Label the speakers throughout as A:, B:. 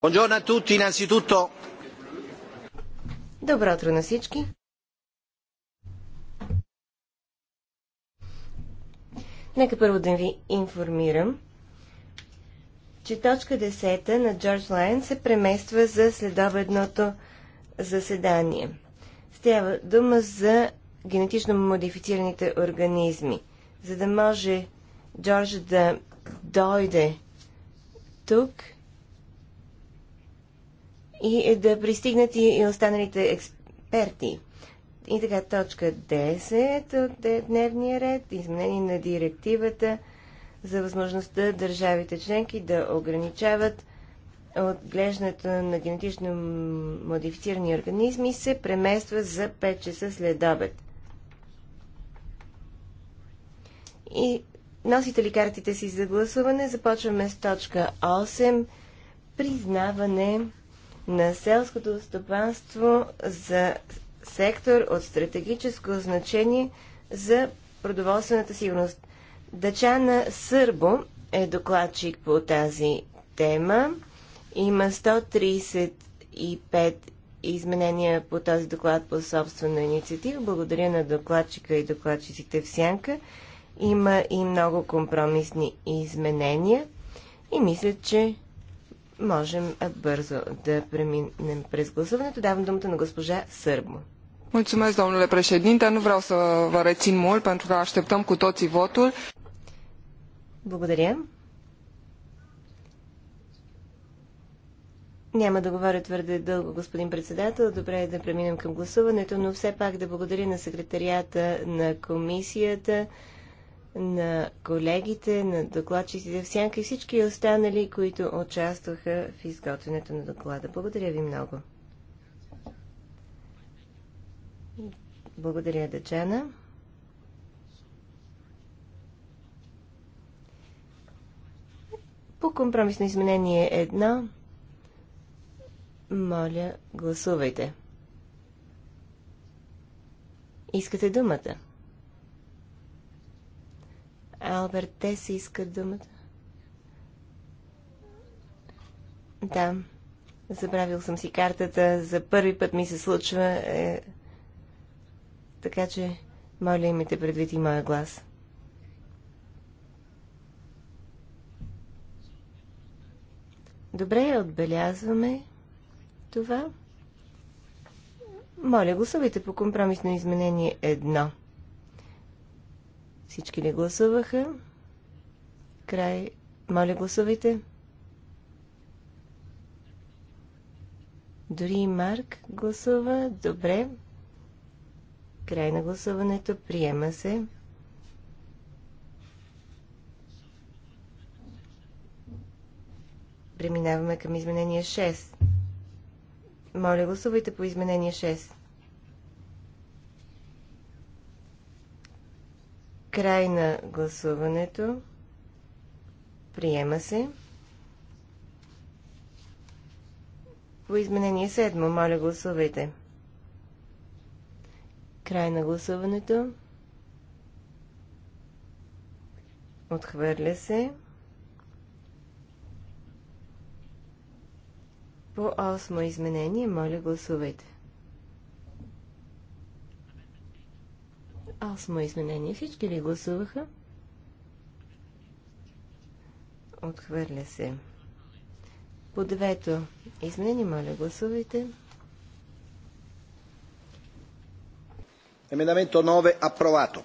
A: Buongiorno a tutti, innanzitutto.
B: Добро утро на всички. Нека първо да ви информирам, че точка 10 на Джордж Лайн се премества за следобедното заседание. Става дума за генетично модифицираните организми. За да може Джордж да дойде тук, и да пристигнат и останалите експерти. И така, точка 10 от дневния ред, изменение на директивата за възможността държавите членки да ограничават отглеждането на генетично модифицирани организми се премества за 5 часа след обед. И носите ли картите си за гласуване? Започваме с точка 8. Признаване на селското стопанство за сектор от стратегическо значение за продоволствената сигурност. Дачана Сърбо е докладчик по тази тема. Има 135 изменения по този доклад по собствена инициатива. Благодаря на докладчика и докладчиците в Сянка. Има и много компромисни изменения. И мисля, че можем бързо да преминем през гласуването. Давам думата на госпожа Сърбо. Mulțumesc, domnule președinte. Nu vreau să vă rețin mult, pentru că așteptăm cu toții votul. Благодаря. Няма да говоря твърде дълго, господин председател. Добре е да преминем към гласуването, но все пак да благодаря на секретарията на комисията, на колегите, на докладчиците в Сянка и всички останали, които участваха в изготвянето на доклада. Благодаря ви много. Благодаря, Дачана. По компромисно изменение едно, моля, гласувайте. Искате думата? Алберт, те се искат думата. Да, забравил съм си картата. За първи път ми се случва. Е... Така че, моля, имайте предвид и моя глас. Добре, отбелязваме това. Моля, гласувайте по компромисно изменение едно. Всички ли гласуваха? Край. Моля, гласувайте. Дори и Марк гласува. Добре. Край на гласуването. Приема се. Преминаваме към изменение 6. Моля, гласувайте по изменение 6. Край на гласуването. Приема се. По изменение 7. Моля, гласувайте. Край на гласуването. Отхвърля се. По осмо изменение, моля гласувайте. му изменение. Всички ли гласуваха? Отхвърля се. По девето изменение, моля, гласувайте.
A: Еминаменто 9 апровато.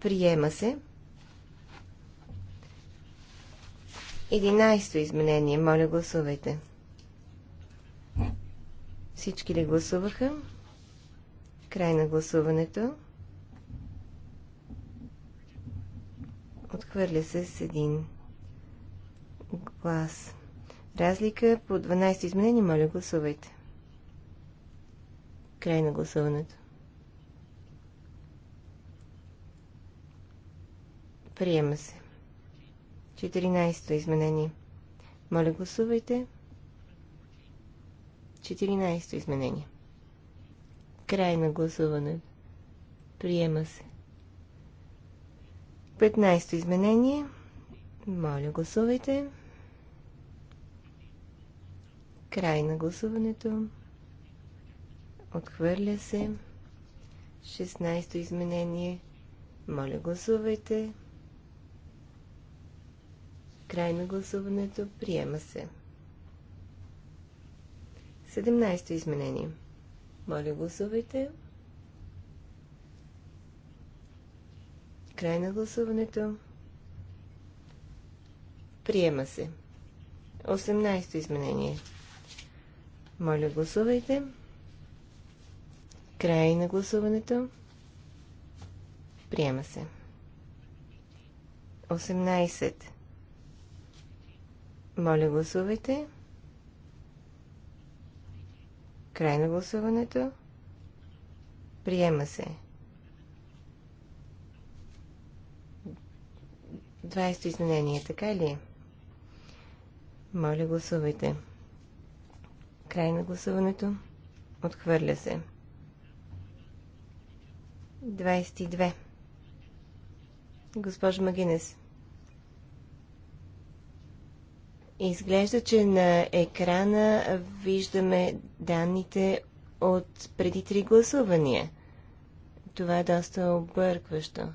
B: Приема се. Единайсто изменение. Моля, гласувайте. Всички ли гласуваха? Край на гласуването. Отхвърля се с един глас. Разлика по 12 изменения, моля гласувайте. Край на гласуването. Приема се. 14-то изменение. Моля гласувайте. 14-то изменение. Край на гласуване. Приема се. 15-то изменение. Моля, гласувайте. Край на гласуването. Отхвърля се. 16-то изменение. Моля, гласувайте. Край на гласуването. Приема се. 17-то изменение. Моля, гласувайте. Край на гласуването. Приема се. 18-то изменение. Моля, гласувайте. Край на гласуването. Приема се. 18. Моля, гласувайте. Край на гласуването. Приема се. 20 изменение, така ли е? Моля, гласувайте. Край на гласуването. Отхвърля се. 22. Госпожо Магинес. Изглежда, че на екрана виждаме данните от преди три гласувания. Това е доста объркващо.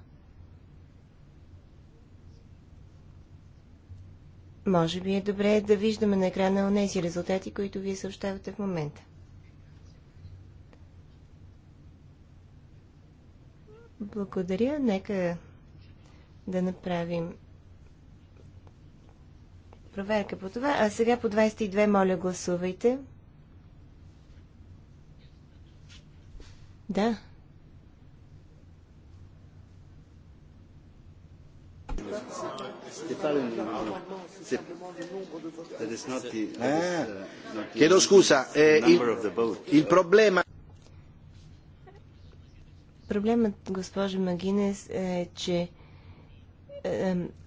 B: Може би е добре да виждаме на екрана онези резултати, които вие съобщавате в момента. Благодаря. Нека да направим проверка по това. А сега по 22, моля, гласувайте. Да.
A: Ah, chiedo scusa, eh, il problema...
B: Проблемът, госпожа Магинес, е, че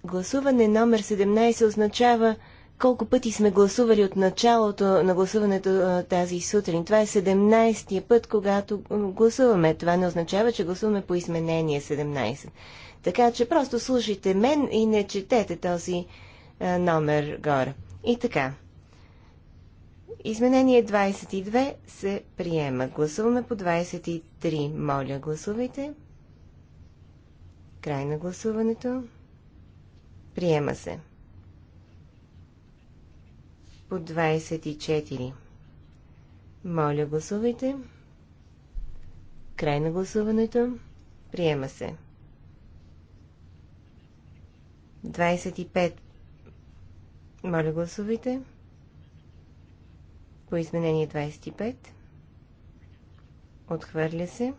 B: гласуване номер 17 означава колко пъти сме гласували от началото на гласуването е, тази сутрин. Това е 17-тия път, когато гласуваме. Това не означава, че гласуваме по изменение 17. Така че просто слушайте мен и не четете този е, номер горе. И така. Изменение 22 се приема. Гласуваме по 23. Моля, гласувайте. Край на гласуването. Приема се. По 24. Моля, гласувайте. Край на гласуването. Приема се. 25. Моля, гласувайте. По изменение 25. Отхвърля се.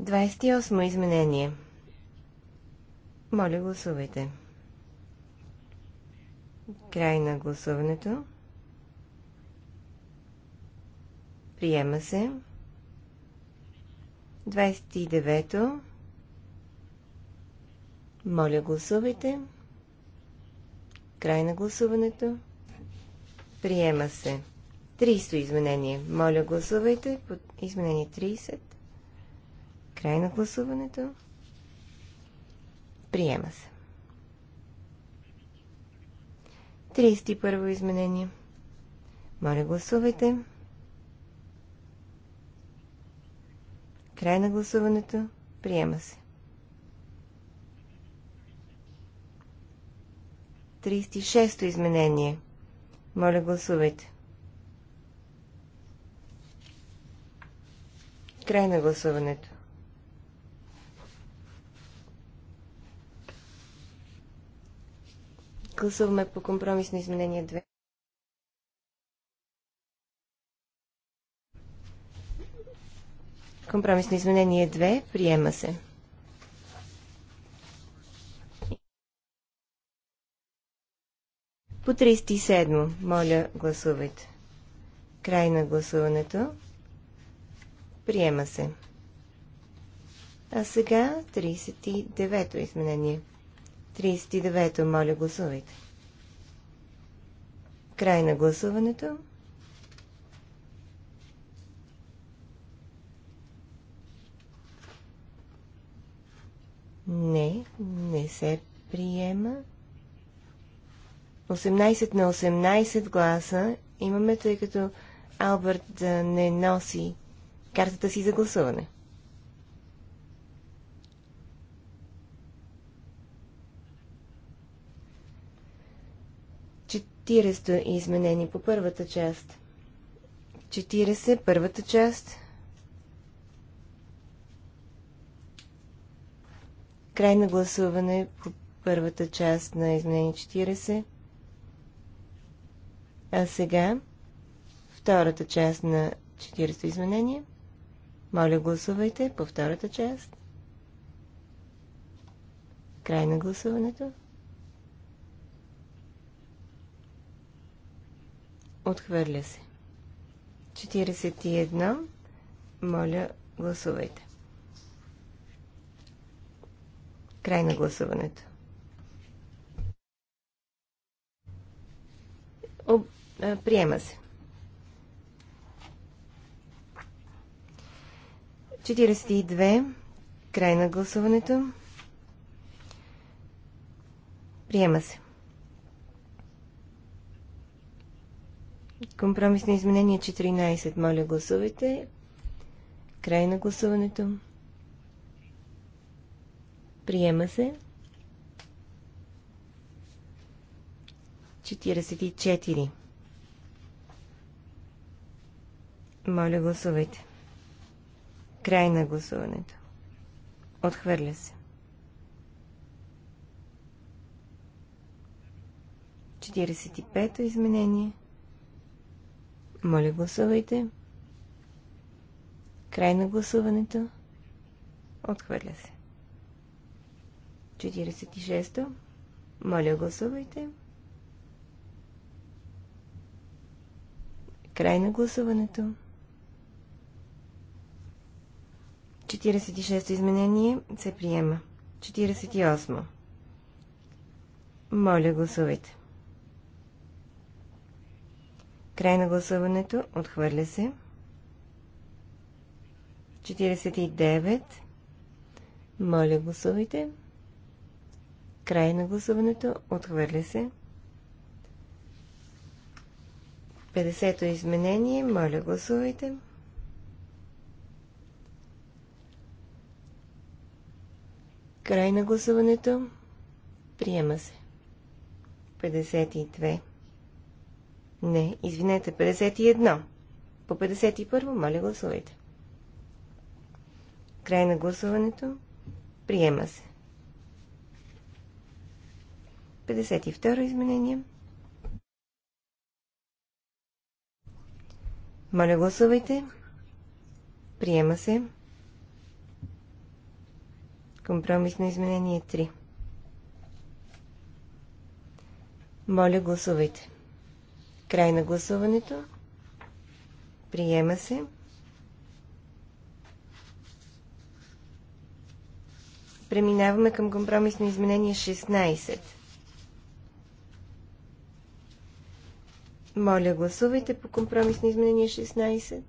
B: 28 изменение. Моля, гласувайте. Край на гласуването. Приема се. 29-то. Моля, гласувайте. Край на гласуването. Приема се. 30 изменение. Моля, гласувайте. Под изменение 30. Край на гласуването. Приема се. 31 изменение. Моля, гласувайте. Край на гласуването. Приема се. 36-то изменение. Моля, гласувайте. Край на гласуването. Гласуваме по компромисно изменение 2. Компромисно изменение 2. Приема се. По 37. Моля, гласувайте. Край на гласуването. Приема се. А сега 39-то изменение. 39-то, моля гласувайте. Край на гласуването. Не, не се приема. 18 на 18 гласа имаме, тъй като Алберт не носи картата си за гласуване. 40-то изменение по първата част. 40, първата част. Край на гласуване по първата част на изменение 40. А сега втората част на 40-то изменение. Моля, гласувайте по втората част. Край на гласуването. Отхвърля се. 41. Моля, гласувайте. Край на гласуването. Об... А, приема се. 42. Край на гласуването. Приема се. Компромисно изменение 14. Моля, гласувайте. Край на гласуването. Приема се. 44. Моля, гласувайте. Край на гласуването. Отхвърля се. 45-то изменение. 46. Моля, гласувайте. Край на гласуването. Отхвърля се. 46-то. Моля, гласувайте. Край на гласуването. 46-то изменение се приема. 48-то. Моля, гласувайте. Край на гласуването. Отхвърля се. 49. Моля, гласувайте. Край на гласуването. Отхвърля се. 50-то изменение. Моля, гласувайте. Край на гласуването. Приема се. 52. Не, извинете, 51. По 51, моля гласувайте. Край на гласуването. Приема се. 52 изменение. Моля гласувайте. Приема се. Компромисно изменение 3. Моля гласувайте. Край на гласуването. Приема се. Преминаваме към компромисно изменение 16. Моля, гласувайте по компромисно изменение 16.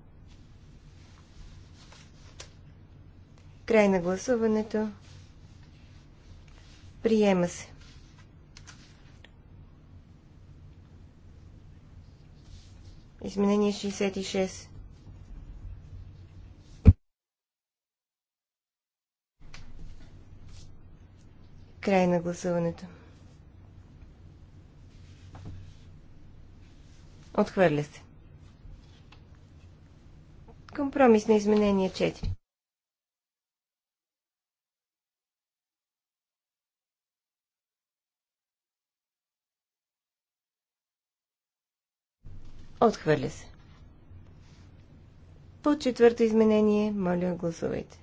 B: Край на гласуването. Приема се. Изменение 66. Край на гласуването. Отхвърля се. Компромис на изменение 4. Отхвърля се. По четвърто изменение, моля, гласувайте.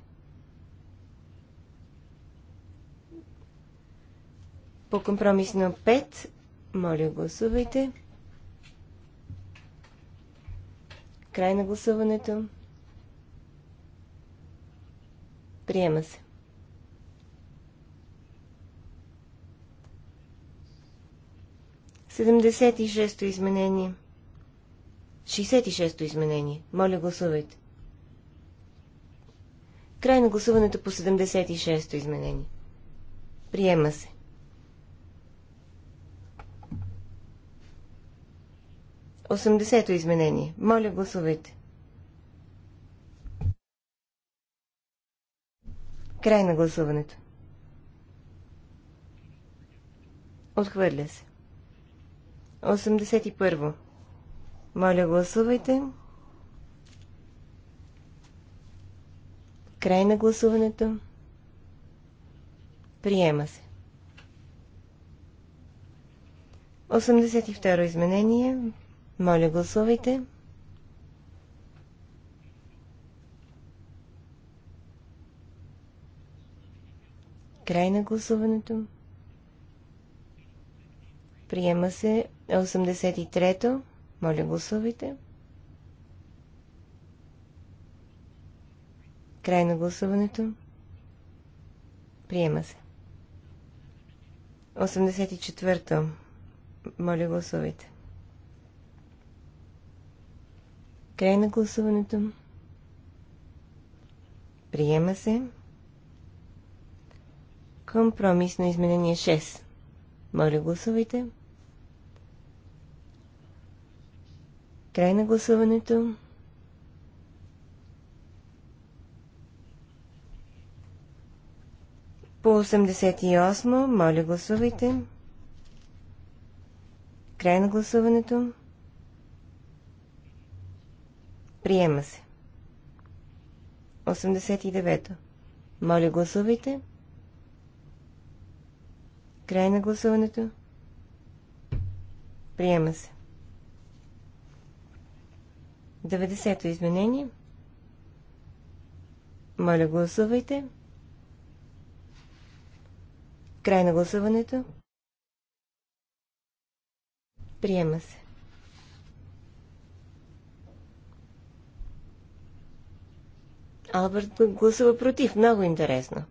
B: По компромисно 5, моля, гласувайте. Край на гласуването. Приема се. Седемдесет и шесто изменение. 66-то изменение. Моля, гласувайте. Край на гласуването по 76-то изменение. Приема се. Осемдесето изменение. Моля, гласувайте. Край на гласуването. Отхвърля се. 81. Моля, гласувайте. Край на гласуването. Приема се. 82 изменение. Моля, гласувайте. Край на гласуването. Приема се 83-то. Моля, гласувайте. Край на гласуването. Приема се. 84-то. Моля, гласувайте. Край на гласуването. Приема се. Компромис на изменение 6. Моля, гласувайте. Край на гласуването. По 88, моля гласувайте. Край на гласуването. Приема се. 89. Моля гласувайте. Край на гласуването. Приема се. 90-то изменение. Моля, гласувайте. Край на гласуването. Приема се. Алберт гласува против. Много интересно.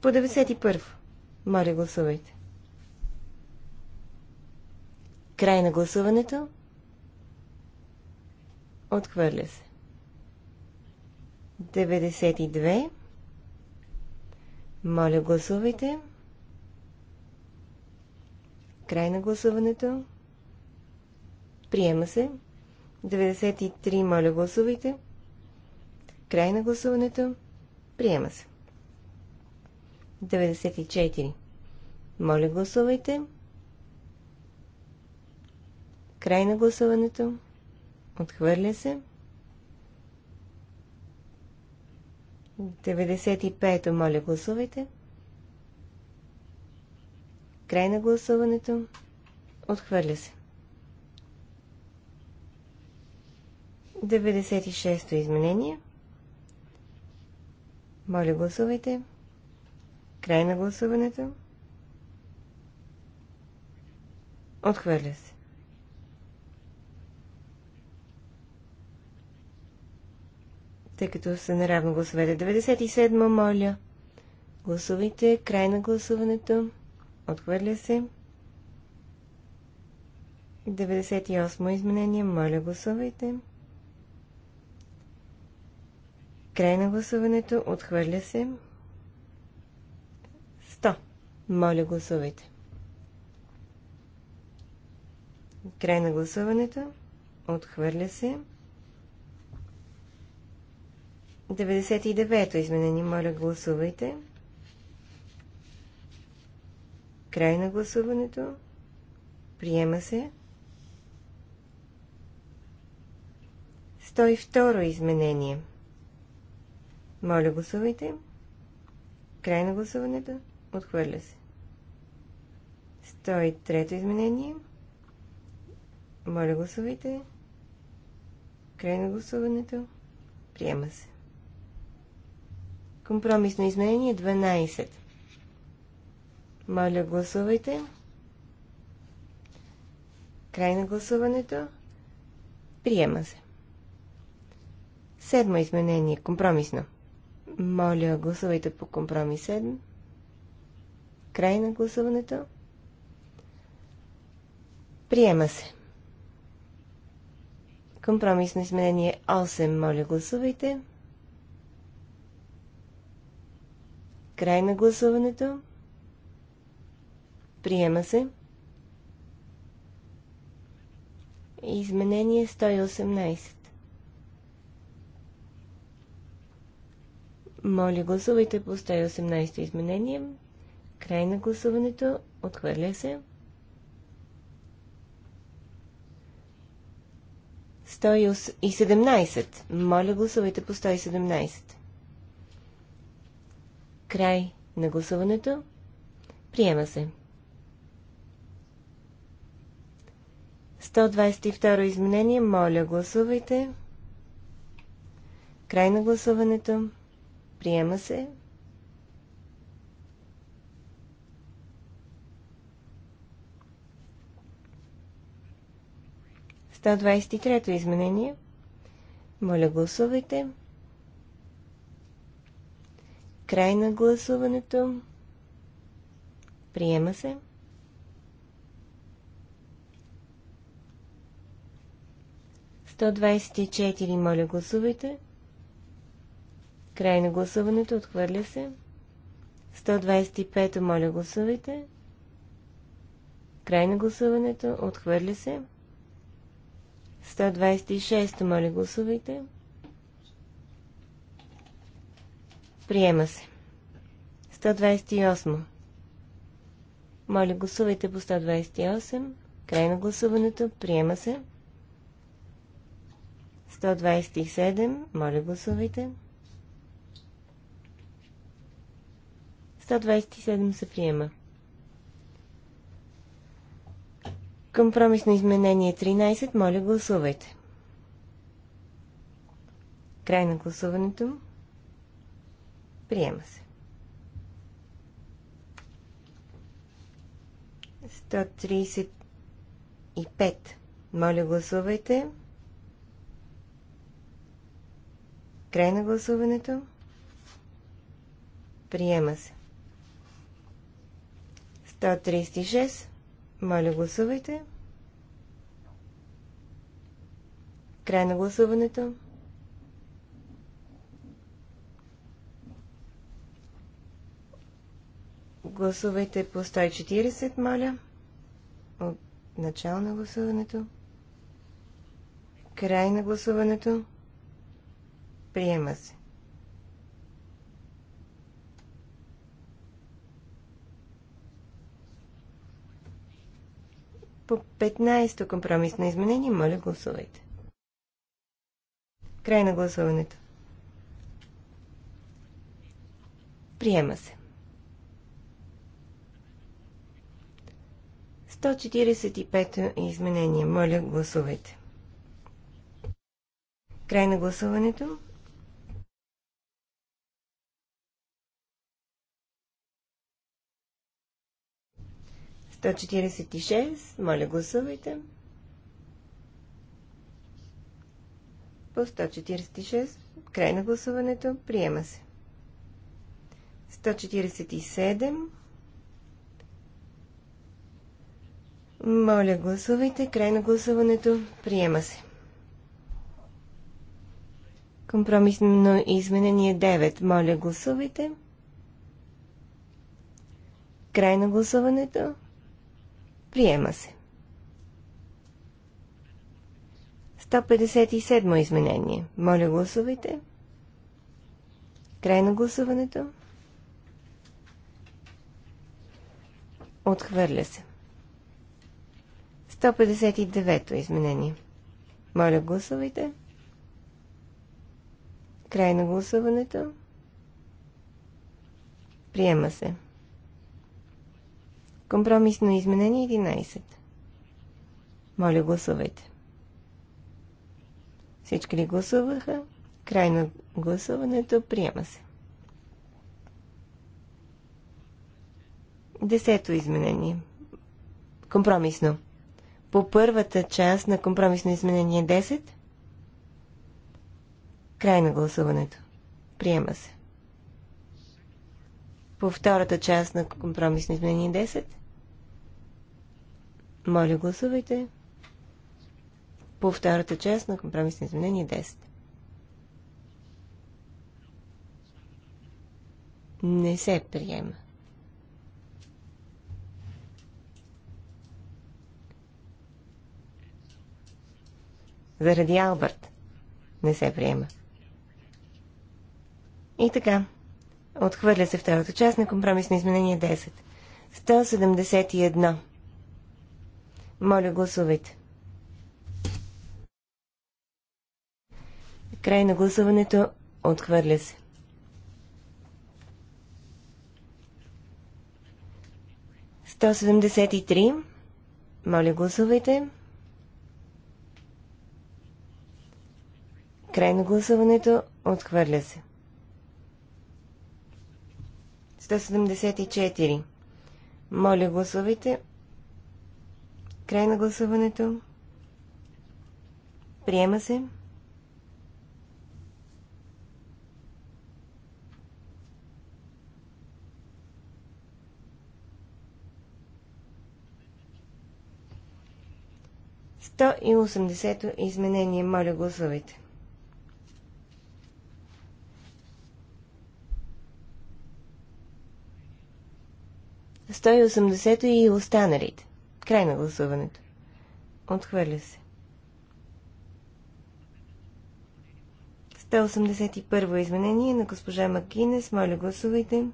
B: По 91. Моля, гласувайте. Край на гласуването. Отхвърля се. 92. Моля, гласувайте. Край на гласуването. Приема се. 93. Моля, гласувайте. Край на гласуването. Приема се. 94. Моля, гласувайте. Край на гласуването. Отхвърля се. 95-то, моля, гласувайте. Край на гласуването. Отхвърля се. 96-то изменение. Моля, гласувайте. Край на гласуването. Отхвърля се. тъй като са наравно гласовете. 97 моля. Гласувайте. Край на гласуването. Отхвърля се. 98 изменение. Моля, гласувайте. Край на гласуването. Отхвърля се. 100. Моля, гласувайте. Край на гласуването. Отхвърля се. 99-то изменение. Моля, гласувайте. Край на гласуването. Приема се. 102 изменение. Моля, гласувайте. Край на гласуването. Отхвърля се. 103 изменение. Моля, гласувайте. Край на гласуването. Приема се. Компромисно изменение 12. Моля, гласувайте. Край на гласуването. Приема се. Седмо изменение. Компромисно. Моля, гласувайте по компромис 7. Край на гласуването. Приема се. Компромисно изменение 8. Моля, гласувайте. Край на гласуването. Приема се. Изменение 118. Моля, гласувайте по 118 изменение. Край на гласуването. Отхвърля се. 117. Моля, гласувайте по 117. Край на гласуването. Приема се. 122 изменение. Моля, гласувайте. Край на гласуването. Приема се. 123 изменение. Моля, гласувайте. Край на гласуването. Приема се. 24, моля гласувайте. Край на гласуването. Отхвърля се. 125 моля гласувайте. Край на гласуването. Отхвърля се. 126 моля гласувайте. Приема се. 128. Моля, гласувайте по 128. Край на гласуването. Приема се. 127. Моля, гласувайте. 127 се приема. Компромисно изменение 13. Моля, гласувайте. Край на гласуването. Приема се. 135. Моля, гласувайте. Край на гласуването. Приема се. 136. Моля, гласувайте. Край на гласуването. Гласувайте по 140, моля. От начало на гласуването. Край на гласуването. Приема се. По 15-то компромисно изменение, моля гласувайте. Край на гласуването. Приема се. 145 изменение. Моля, гласувайте. Край на гласуването. Сто 46. Моля, гласувайте. По 146. Край на гласуването. Приема се. 147. Моля, гласувайте. Край на гласуването. Приема се. Компромисно изменение 9. Моля, гласувайте. Край на гласуването. Приема се. 157 изменение. Моля, гласувайте. Край на гласуването. Отхвърля се. 159-то изменение. Моля, гласувайте. Край на гласуването. Приема се. Компромисно изменение 11. Моля, гласувайте. Всички ли гласуваха? Край на гласуването. Приема се. Десето изменение. Компромисно по първата част на компромисно изменение 10. Край на гласуването. Приема се. По втората част на компромисно изменение 10. Моля, гласувайте. По втората част на компромисно изменение 10. Не се приема. Заради Албърт не се приема. И така, отхвърля се втората част на компромисно изменение 10. 171. Моля, гласувайте. Край на гласуването отхвърля се. Сто седемдесет и три. Моля, гласувайте. Край на гласуването. Отхвърля се. 174. Моля, гласувайте. Край на гласуването. Приема се. 180 и изменение. Моля, гласувайте. 180 и останалите. Край на гласуването. Отхвърля се. 181 изменение на госпожа Макинес. Моля, гласувайте.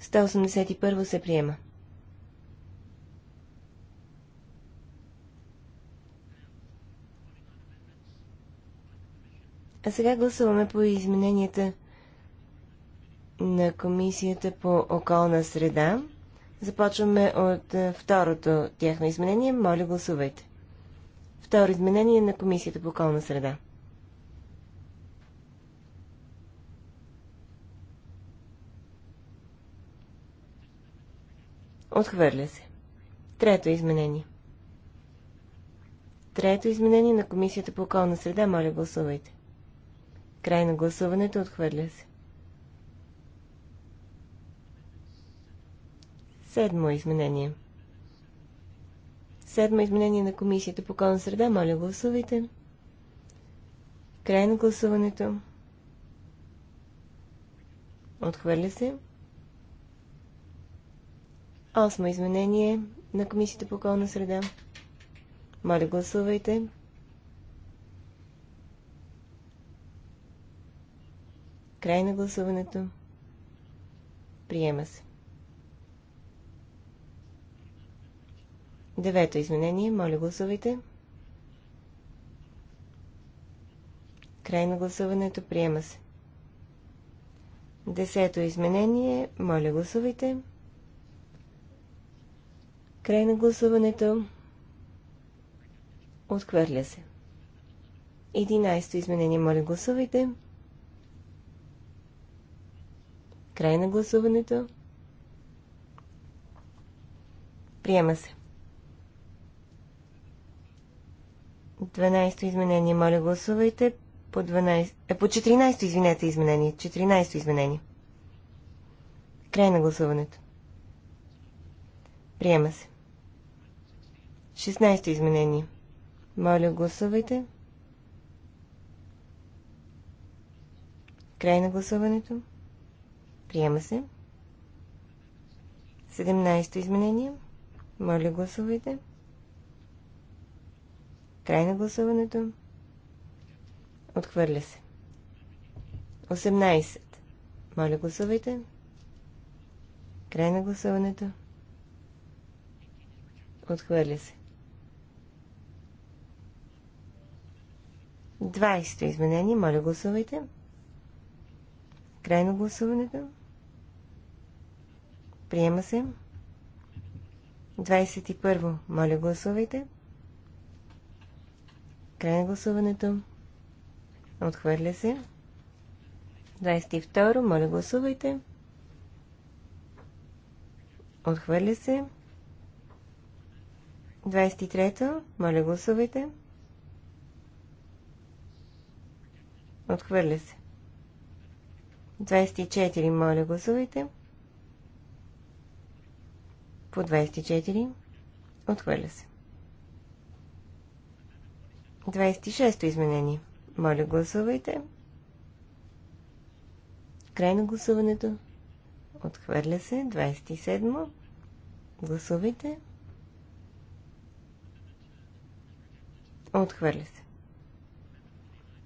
B: Сто се приема. А сега гласуваме по измененията на Комисията по околна среда. Започваме от е, второто тяхно изменение. Моля, гласувайте. Второ изменение на Комисията по околна среда. Отхвърля се. Трето изменение. Трето изменение на Комисията по околна среда. Моля, гласувайте. Край на гласуването. Отхвърля се. Седмо изменение. Седмо изменение на Комисията по околна среда. Моля, гласувайте. Край на гласуването. Отхвърля се. Осмо изменение на Комисията по околна среда. Моля, гласувайте. Край на гласуването. Приема се. Девето изменение. Моля гласувайте. Край на гласуването. Приема се. Десето изменение. Моля гласувайте. Край на гласуването. Отхвърля се. Единайсто изменение. Моля гласувайте. Край на гласуването. Приема се. 12-то изменение. Моля, гласувайте по, 12... е, по 14-то извинете изменение. 14-то изменение. Край на гласуването. Приема се. 16-то изменение. Моля, гласувайте. Край на гласуването. Приема се. 17-то изменение. Моля, гласувайте. Край на гласуването. Отхвърля се. 18. Моля, гласувайте. Край на гласуването. Отхвърля се. 20-то изменение. Моля, гласувайте. Край на гласуването. Приема се. 21. Моля, гласувайте. Край на гласуването. Отхвърля се. 22. Моля, гласувайте. Отхвърля се. 23. Моля, гласувайте. Отхвърля се. 24. Моля, гласувайте по 24. Отхвърля се. 26-то изменение. Моля, гласувайте. Край на гласуването. Отхвърля се. 27-мо. Гласувайте. Отхвърля се.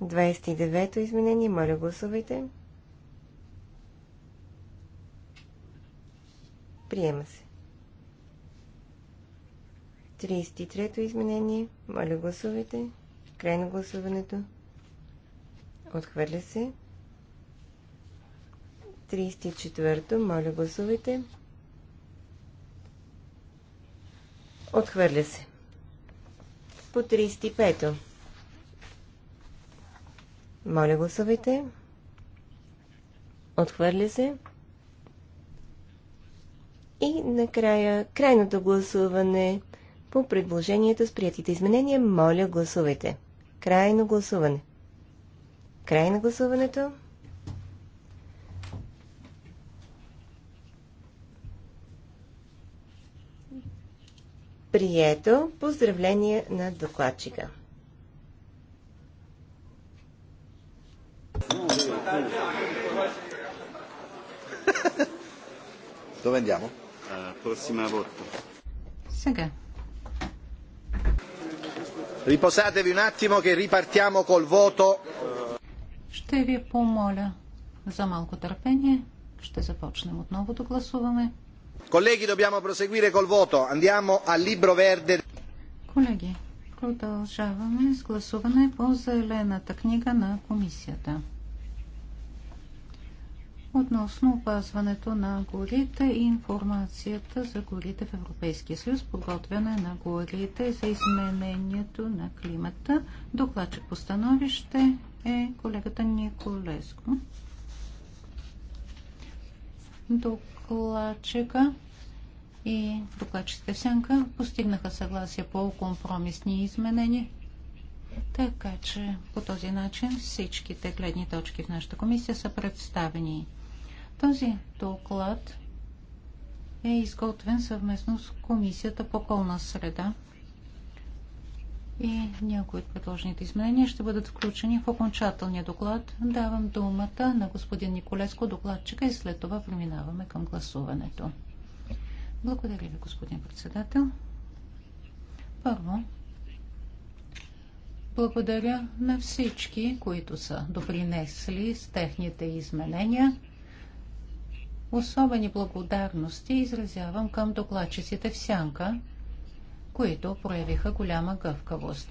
B: 29-то изменение. Моля, гласувайте. Приема се. 33-то изменение. Моля гласувайте. Край на гласуването. Отхвърля се. 34-то. Моля гласувайте. Отхвърля се. По 35-то. Моля гласувайте. Отхвърля се. И накрая крайното гласуване по предложението с приятите изменения. Моля, гласувайте. Крайно гласуване. Край на гласуването. Прието. Поздравление на докладчика.
A: Dove andiamo? Prossima volta. Сега Riposatevi un attimo che ripartiamo col voto.
C: Ще ви помоля за малко търпение. Ще започнем отново да гласуваме.
A: Колеги, dobbiamo proseguire col voto. Andiamo al libro verde.
C: Колеги, продължаваме с гласуване по зелената книга на комисията относно опазването на горите и информацията за горите в Европейския съюз, подготвяне на горите за изменението на климата. Докладчик по становище е колегата Николеско. Докладчика и докладчиците сянка постигнаха съгласие по компромисни изменения. Така че по този начин всичките гледни точки в нашата комисия са представени. Този доклад е изготвен съвместно с Комисията по околна среда и някои от предложените изменения ще бъдат включени в окончателния доклад. Давам думата на господин Николеско докладчика и след това преминаваме към гласуването. Благодаря ви, господин председател. Първо, благодаря на всички, които са допринесли с техните изменения. Особени благодарности изразявам към докладчиците в Сянка, които проявиха голяма гъвкавост.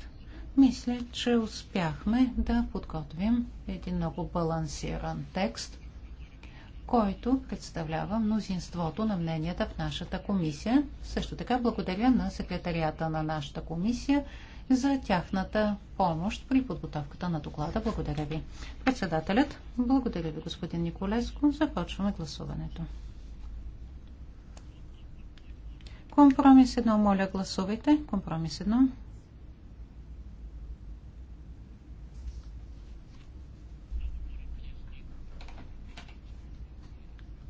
C: Мисля, че успяхме да подготвим един много балансиран текст, който представлява мнозинството на мненията в нашата комисия. Също така благодаря на секретарията на нашата комисия за тяхната помощ при подготовката на доклада. Благодаря ви. Председателят, благодаря ви, господин Николеско. Започваме гласуването. Компромис едно, моля гласувайте. Компромис едно.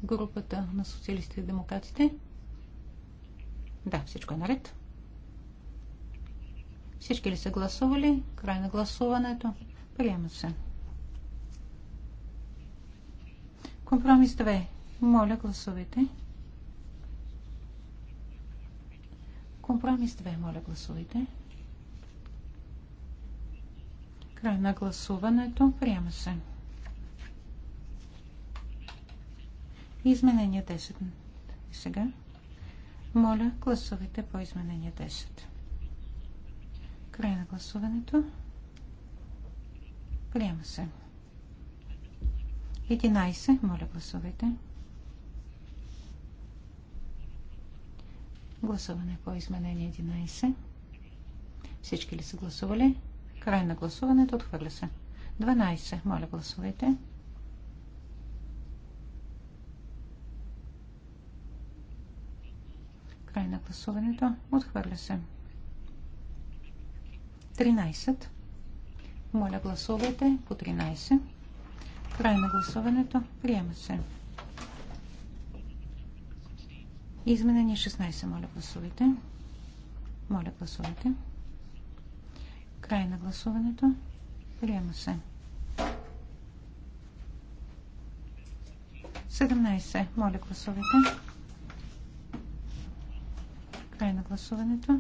C: Групата на социалистите и демократите. Да, всичко е наред. Всички ли са гласували? Край на гласуването. Приема се. Компромис 2. Моля, гласувайте. Компромис 2. Моля, гласувайте. Край на гласуването. Приема се. Изменение 10. И сега. Моля, гласувайте по изменение 10. Край на гласуването. Приема се. 11. Моля, гласувайте. Гласуване по изменение 11. Всички ли са гласували? Край на гласуването. Отхвърля се. 12. Моля, гласувайте. Край на гласуването. Отхвърля се. 13. Моля, гласувайте по 13. Край на гласуването. Приема се. Изменение 16. Моля, гласувайте. Моля, гласувайте. Край на гласуването. Приема се. 17. Моля, гласувайте. Край на гласуването.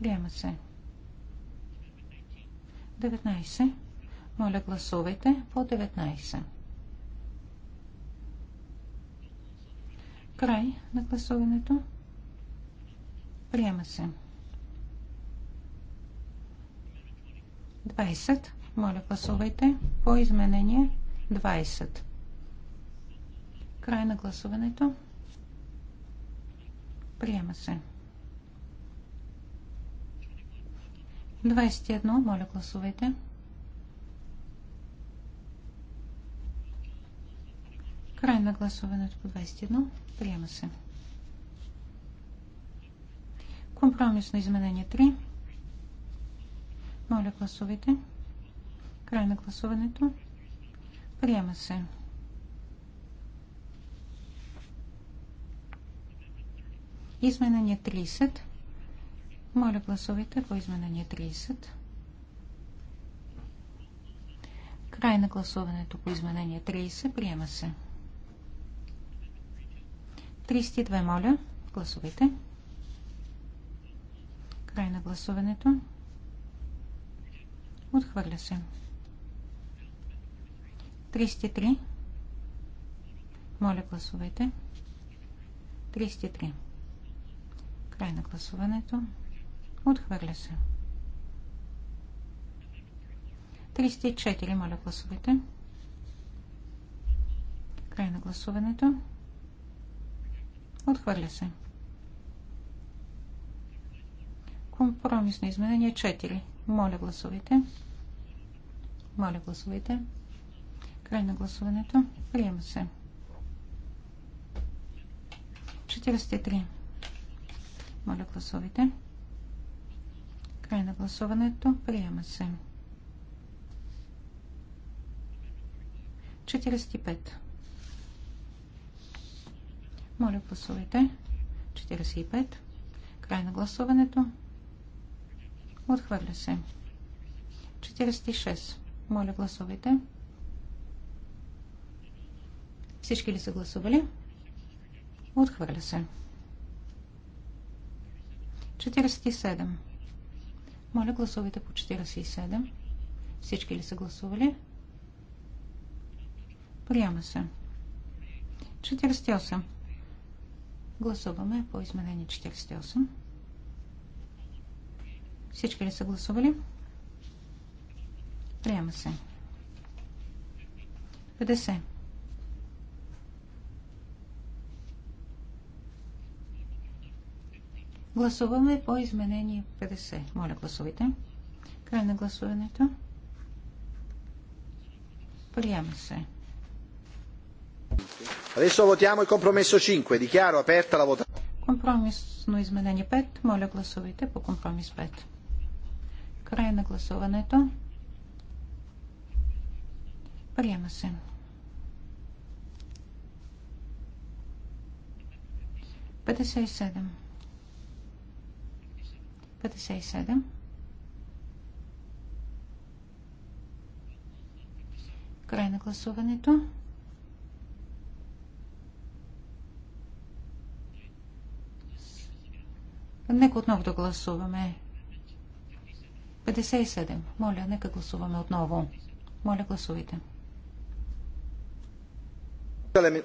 C: Приема се. 19. Моля, гласувайте по 19. Край на гласуването. Приема се. 20. Моля, гласувайте по изменение 20. Край на гласуването. Приема се. 21. Моля, гласувайте. Край на гласуването по 21. Приема се. Компромис на изменение 3. Моля, гласувайте. Край на гласуването. Приема се. Изменение 30. Моля гласувайте по изменение 30. Край на гласуването по изменение 30. Приема се. 32, моля. Гласувайте. Край на гласуването. Отхвърля се. 33. Моля, гласувайте. 33. Край на гласуването. Отхвърля се. 34. Моля, гласувайте. Край на гласуването. Отхвърля се. на изменение 4. Моля, гласовете. Моля, гласувайте. Край на гласуването. Приема се. 43. Моля, гласувайте. Край на гласуването. Приема се. 45. Моля, гласувайте. 45. Край на гласуването. Отхвърля се. 46. Моля, гласувайте. Всички ли са гласували? Отхвърля се. 47. Моля, гласувайте по 47. Всички ли са гласували? Приема се. 48. Гласуваме по изменение 48. Всички ли са гласували? Приема се. 50. Гласуваме по изменение 50. Моля, гласувайте. Край на гласуването. Приема се.
A: Adesso votiamo il compromesso 5. Dichiaro aperta la votazione.
C: Компромисно изменение 5. Моля, гласувайте по компромис 5. Край на гласуването. Приема се. Пятьдесят и 57. Край на гласуването. Нека отново да гласуваме. 57. Моля, нека гласуваме отново. Моля, гласувайте. Край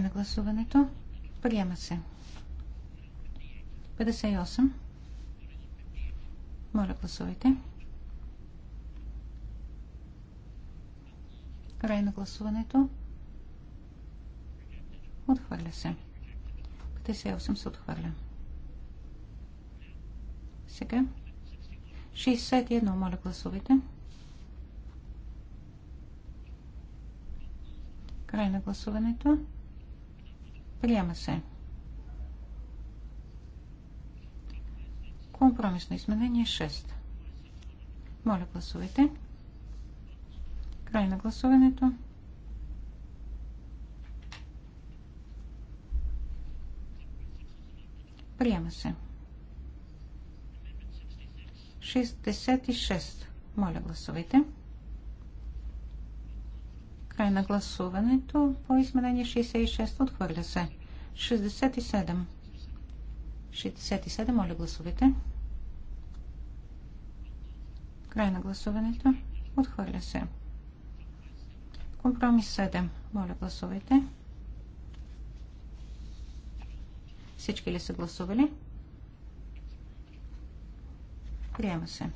C: на гласуването. Приема се. 58. Моля, гласувайте. Край на гласуването. Отхвърля се. 58 се отхвърля. Сега. 61. Моля, гласувайте. Край на гласуването. Приема се. Компромисно изменение 6. Моля, гласувайте. Край на гласуването. Приема се. 66. Моля, гласувайте. Край на гласуването по изменение 66 отхвърля се. 67. 67, моля гласувайте. Край на гласуването. Отхвърля се. Компромис 7. Моля, гласувайте. Всички ли са гласували? Приема се.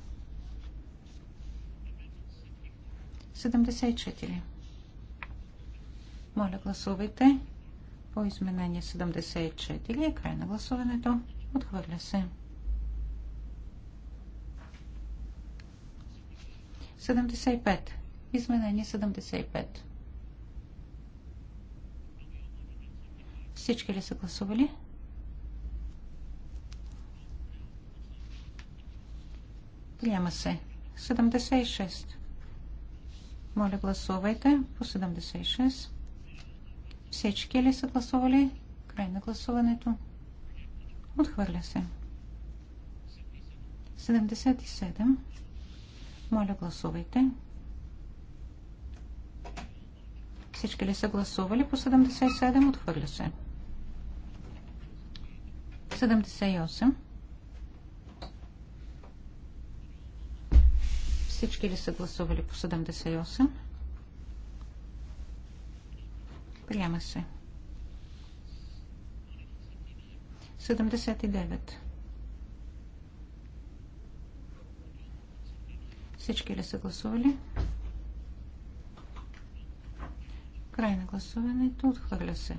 C: 74. Моля, гласувайте по изменение 74. Край на гласуването. Отхвърля се. 75. Изменение 75. Всички ли са гласували? Приема се. 76. Моля, гласувайте по 76. Всички ли са гласували? Край на гласуването. Отхвърля се. 77. Моля, гласувайте. Всички ли са гласували по 77? Отхвърля се. 78. Всички ли са гласували по 78? Приема се. 79. Всички ли са гласували? Край на гласуването. Отхвърля се.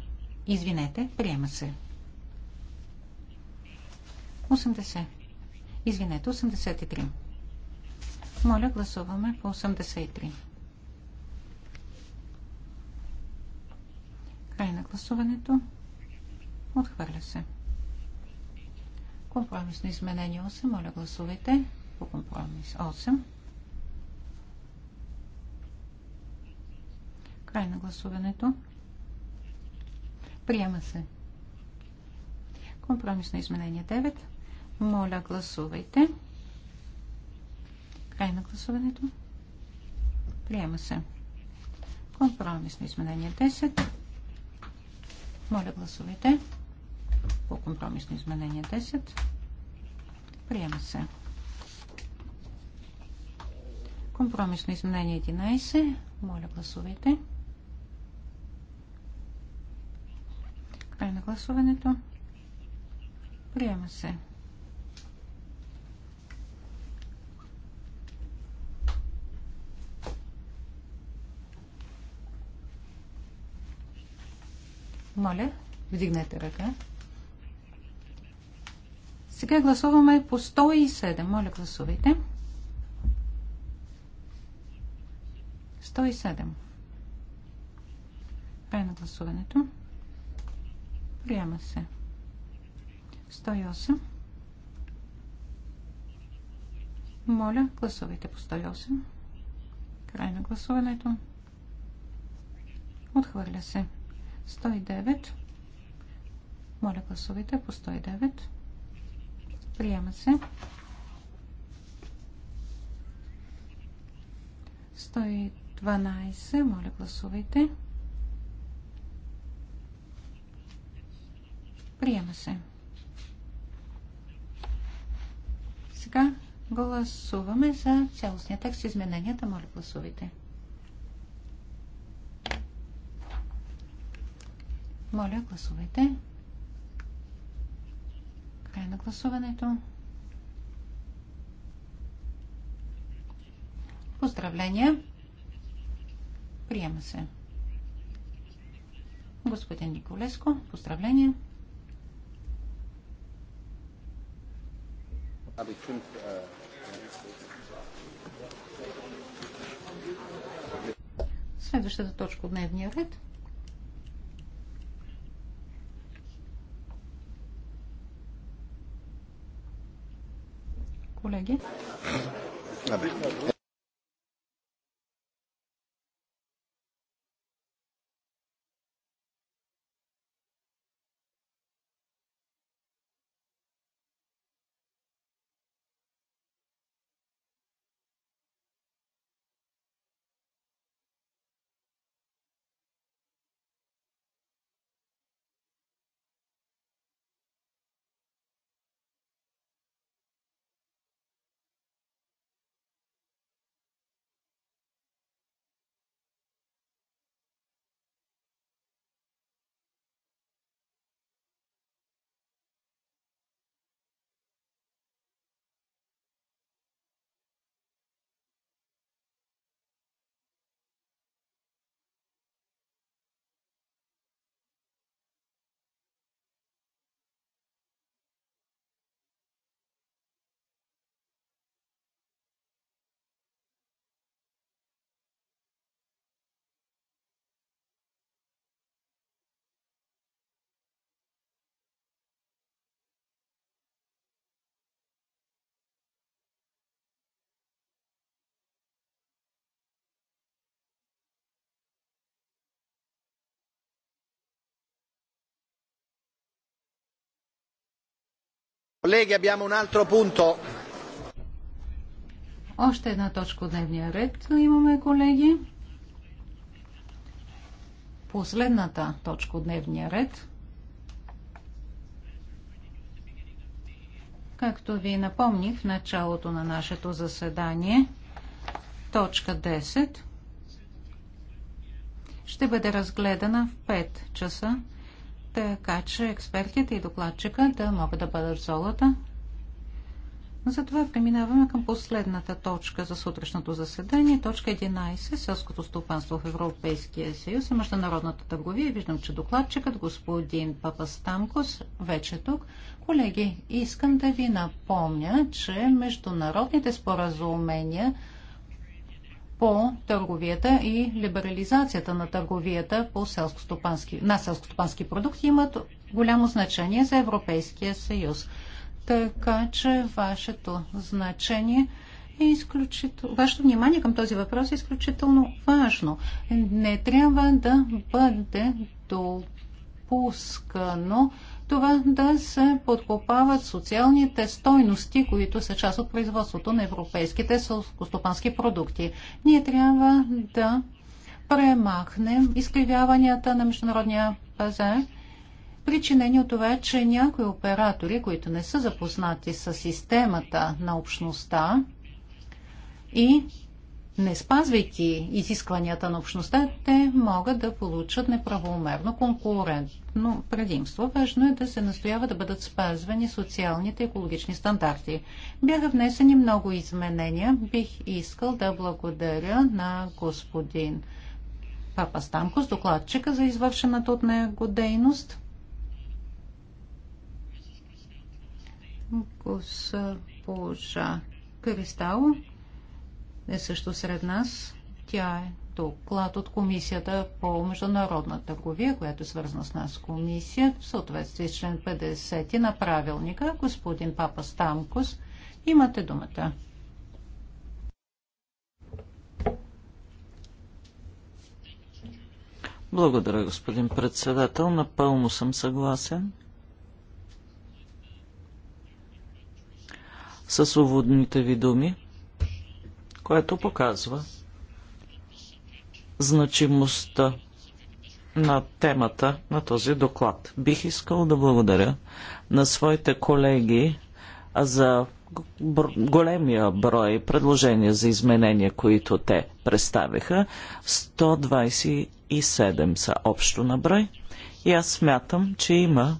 C: Извинете, приема се. 80. Извинете, 83. Моля, гласуваме по 83. Край на гласуването. Отхвърля се. Компромисно изменение 8. Моля, гласувайте по компромис 8. Край на гласуването. Приема се. Компромисно изменение 9. Моля, гласувайте. Край на гласуването. Приема се. Компромисно изменение 10. Моля, гласувайте. По компромисно изменение 10. Приема се. Компромисно изменение 11. Моля, гласувайте. гласуването. Приема се. Моля, вдигнете ръка. Сега гласуваме по 107. Моля, гласувайте. 107. Край на гласуването. Приема се. 108. Моля, гласувайте по 108. Край на гласуването. Отхвърля се. 109. Моля, гласувайте по 109. Приема се. 112. Моля, гласувайте. Приема се. Сега гласуваме за цялостния текст. Измененията, моля, гласувайте. Моля, гласувайте. Край на гласуването. Поздравления. Приема се. Господин Николеско, поздравления. habe ich fünf. Äh, Следващата точка от дневния ред. Колеги.
A: Колеги, un altro punto.
C: Още една точка от дневния ред имаме, колеги. Последната точка от дневния ред. Както ви напомних в началото на нашето заседание, точка 10 ще бъде разгледана в 5 часа така че експертите и докладчика да могат да бъдат в золата. Затова преминаваме към последната точка за сутрешното заседание. Точка 11. Селското стопанство в Европейския съюз и международната търговия. Виждам, че докладчикът господин Стамкос вече е тук. Колеги, искам да ви напомня, че международните споразумения – по търговията и либерализацията на търговията по селско на селскостопански продукти имат голямо значение за Европейския съюз. Така че вашето значение е изключително... Вашето внимание към този въпрос е изключително важно. Не трябва да бъде допускано това да се подкопават социалните стойности, които са част от производството на европейските селскостопански продукти. Ние трябва да премахнем изкривяванията на международния пазар, причинени от това, че някои оператори, които не са запознати с системата на общността и не спазвайки изискванията на общността, те могат да получат неправомерно конкурентно предимство. Важно е да се настоява да бъдат спазвани социалните и екологични стандарти. Бяха внесени много изменения. Бих искал да благодаря на господин Папа Станкос, докладчика за извършената от него дейност. Госпожа Кристал е също сред нас. Тя е доклад от Комисията по международна търговия, която е свързана с нас комисия, в съответствие с член 50 на правилника. Господин Папа Стамкос, имате думата.
A: Благодаря, господин председател. Напълно съм съгласен. С уводните ви думи което показва значимостта на темата на този доклад. Бих искал да благодаря на своите колеги за големия брой предложения за изменения, които те представиха. 127 са общо на брой. И аз смятам, че има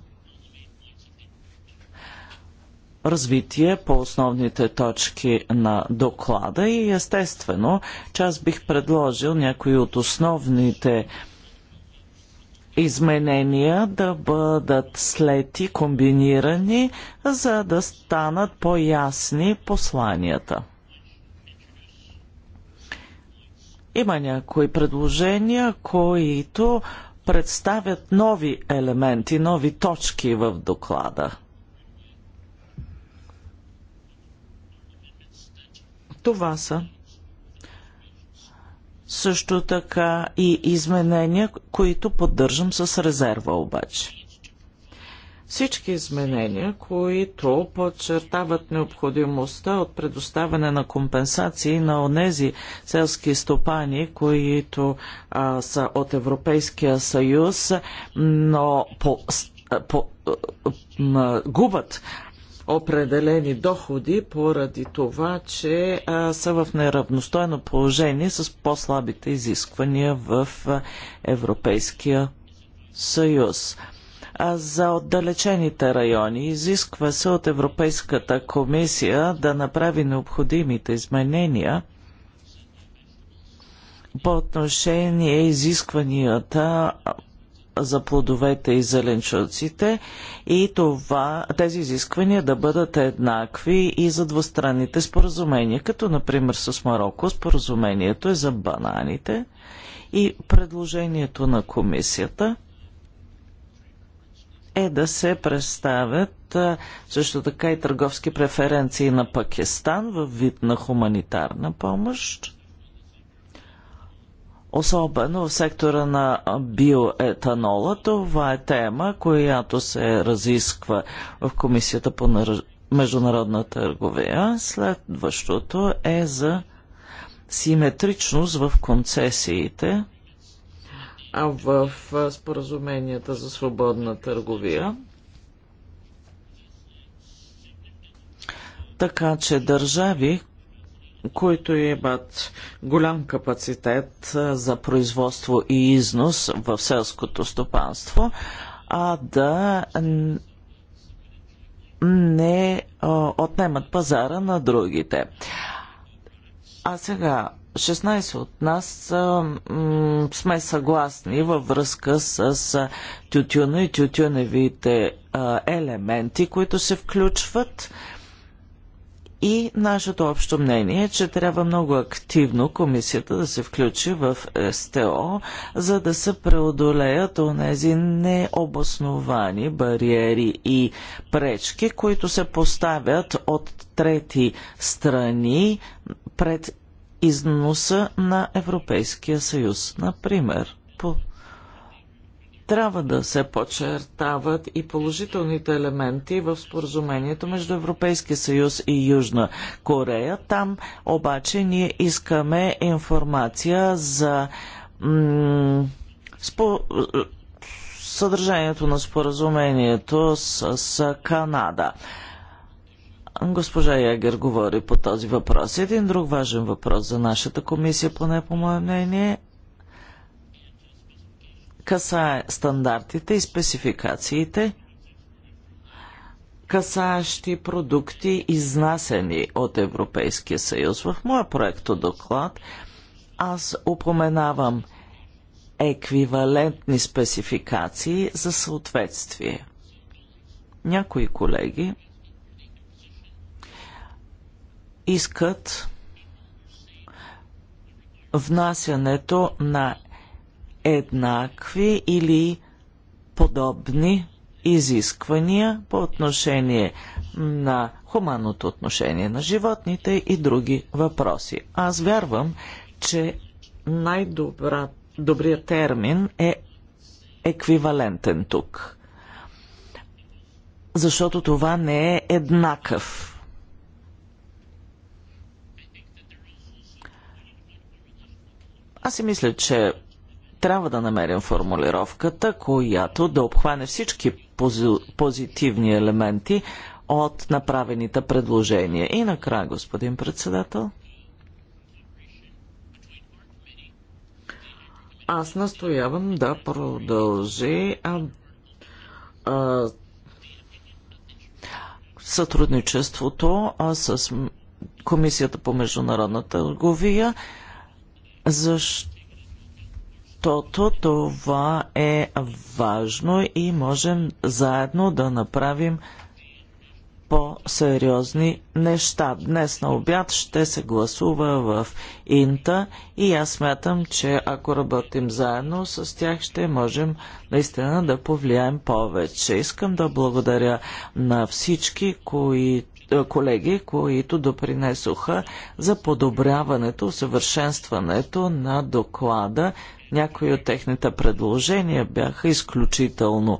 A: развитие по основните точки на доклада и естествено, че аз бих предложил някои от основните изменения да бъдат слети, комбинирани, за да станат по-ясни посланията. Има някои предложения, които представят нови елементи, нови точки в доклада. Това са също така и изменения, които поддържам с резерва обаче. Всички изменения, които подчертават необходимостта от предоставяне на компенсации на онези селски стопани, които а, са от Европейския съюз, но по, по, а, губят определени доходи поради това, че а, са в неравностойно положение с по-слабите изисквания в а, Европейския съюз. А за отдалечените райони изисква се от Европейската комисия да направи необходимите изменения по отношение изискванията за плодовете и зеленчуците и това, тези изисквания да бъдат еднакви и за двустранните споразумения, като например с Марокко споразумението е за бананите и предложението на комисията е да се представят също така и търговски преференции на Пакистан в вид на хуманитарна помощ особено в сектора на биоетанола. Това е тема, която се разисква в Комисията по международна търговия. Следващото е за симетричност в концесиите а в споразуменията за свободна търговия. Така че държави, които имат голям капацитет за производство и износ в селското стопанство, а да не отнемат пазара на другите. А сега 16 от нас сме съгласни във връзка с тютюна и тютюневите елементи, които се включват. И нашето общо мнение е, че трябва много активно комисията да се включи в СТО, за да се преодолеят онези необосновани бариери и пречки, които се поставят от трети страни пред износа на Европейския съюз. Например, по трябва да се подчертават и положителните елементи в споразумението между Европейския съюз и Южна Корея. Там обаче ние искаме информация за спо... съдържанието на споразумението с, с Канада. Госпожа Ягер говори по този въпрос. Един друг важен въпрос за нашата комисия, поне по мое мнение, касае стандартите и спецификациите, касаещи продукти, изнасени от Европейския съюз. В моя проекто доклад аз упоменавам еквивалентни спецификации за съответствие. Някои колеги искат внасянето на еднакви или подобни изисквания по отношение на хуманното отношение на животните и други въпроси. Аз вярвам, че най-добрият термин е еквивалентен тук. Защото това не е еднакъв. Аз си мисля, че трябва да намерим формулировката, която да обхване всички позитивни елементи от направените предложения. И накрая, господин председател. Аз настоявам да продължи а, а, сътрудничеството а, с Комисията по международна търговия, защото защото това е важно и можем заедно да направим по-сериозни неща. Днес на обяд ще се гласува в Инта и аз смятам, че ако работим заедно с тях, ще можем наистина да повлияем повече. Искам да благодаря на всички, които е, колеги, които допринесоха за подобряването, усъвършенстването на доклада. Някои от техните предложения бяха изключително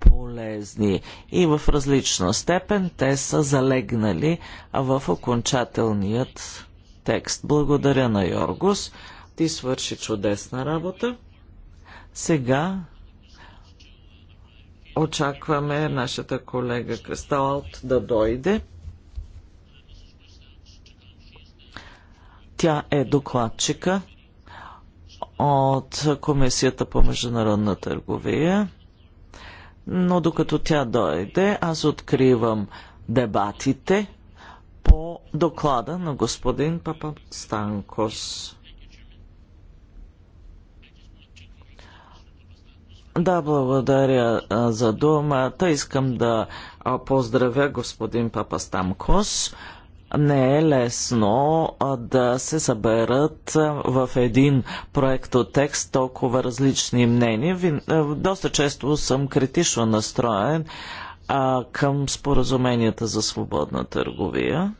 A: полезни и в различна степен те са залегнали в окончателният текст. Благодаря на Йоргос. Ти свърши чудесна работа. Сега очакваме нашата колега Кристалт да дойде Тя е докладчика от Комисията по международна търговия. Но докато тя дойде, аз откривам дебатите по доклада на господин Папа Станкос. Да, благодаря за думата. Искам да поздравя господин Папа Станкос не е лесно да се съберат в един проект от текст толкова различни мнения. Доста често съм критично настроен към споразуменията за свободна търговия.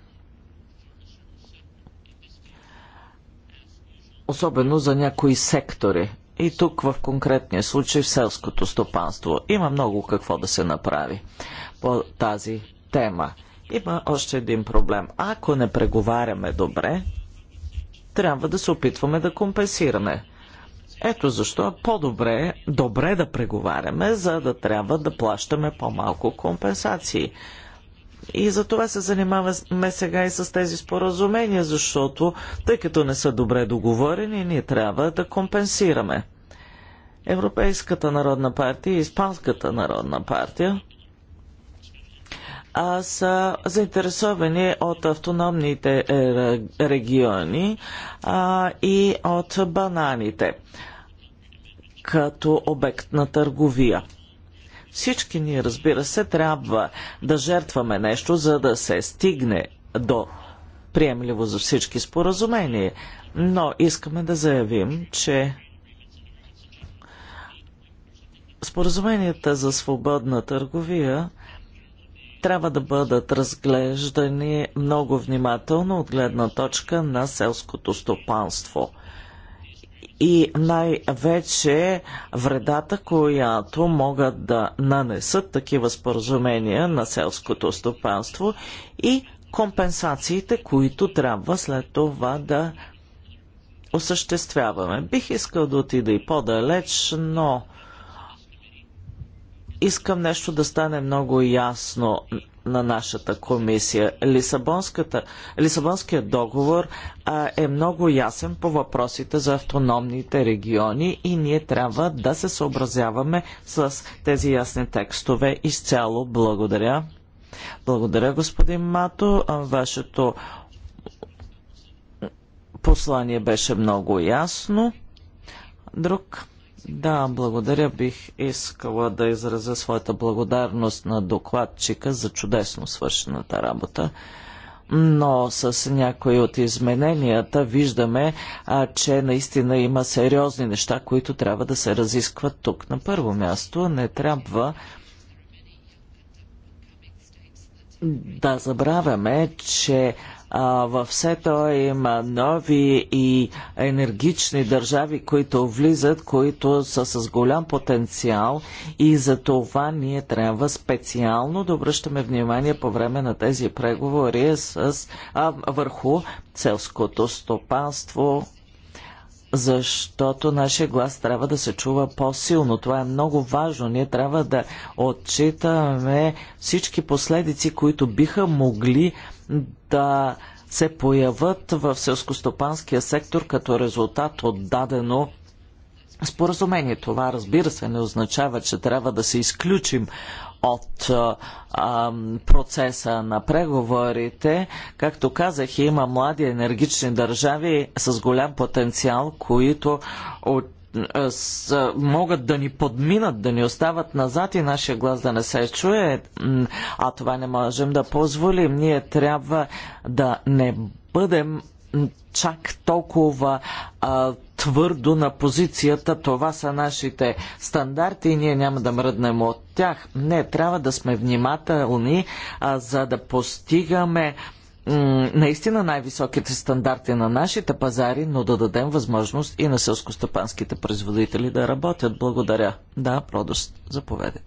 A: Особено за някои сектори. И тук в конкретния случай в селското стопанство. Има много какво да се направи по тази тема. Има още един проблем. Ако не преговаряме добре, трябва да се опитваме да компенсираме. Ето защо е по-добре добре да преговаряме, за да трябва да плащаме по-малко компенсации. И за това се занимаваме сега и с тези споразумения, защото тъй като не са добре договорени, ние трябва да компенсираме. Европейската народна партия и Испанската народна партия а са заинтересовани от автономните е, региони а, и от бананите като обект на търговия. Всички ние, разбира се, трябва да жертваме нещо, за да се стигне до приемливо за всички споразумение. Но искаме да заявим, че споразуменията за свободна търговия трябва да бъдат разглеждани много внимателно от гледна точка на селското стопанство и най-вече вредата, която могат да нанесат такива споразумения на селското стопанство и компенсациите, които трябва след това да осъществяваме. Бих искал да отида и по-далеч, но искам нещо да стане много ясно на нашата комисия. Лисабонският договор а, е много ясен по въпросите за автономните региони и ние трябва да се съобразяваме с тези ясни текстове изцяло. Благодаря. Благодаря, господин Мато. Вашето послание беше много ясно. Друг. Да, благодаря. Бих искала да изразя своята благодарност на докладчика за чудесно свършената работа. Но с някои от измененията виждаме, а, че наистина има сериозни неща, които трябва да се разискват тук. На първо място не трябва да забравяме, че в СЕТО има нови и енергични държави, които влизат, които са с голям потенциал и за това ние трябва специално да обръщаме внимание по време на тези преговори с, а, върху селското стопанство, защото нашия глас трябва да се чува по-силно. Това е много важно. Ние трябва да отчитаме всички последици, които биха могли да се появят в селскостопанския сектор като резултат от дадено споразумение. Това, разбира се, не означава, че трябва да се изключим от а, процеса на преговорите. Както казах, има млади енергични държави с голям потенциал, които от с, могат да ни подминат, да ни остават назад и нашия глас да не се чуе, а това не можем да позволим. Ние трябва да не бъдем чак толкова а, твърдо на позицията. Това са нашите стандарти и ние няма да мръднем от тях. Не, трябва да сме внимателни, а, за да постигаме а, наистина най-високите стандарти на нашите пазари, но да дадем възможност и на селскостопанските производители да работят. Благодаря. Да, Продост, заповедайте.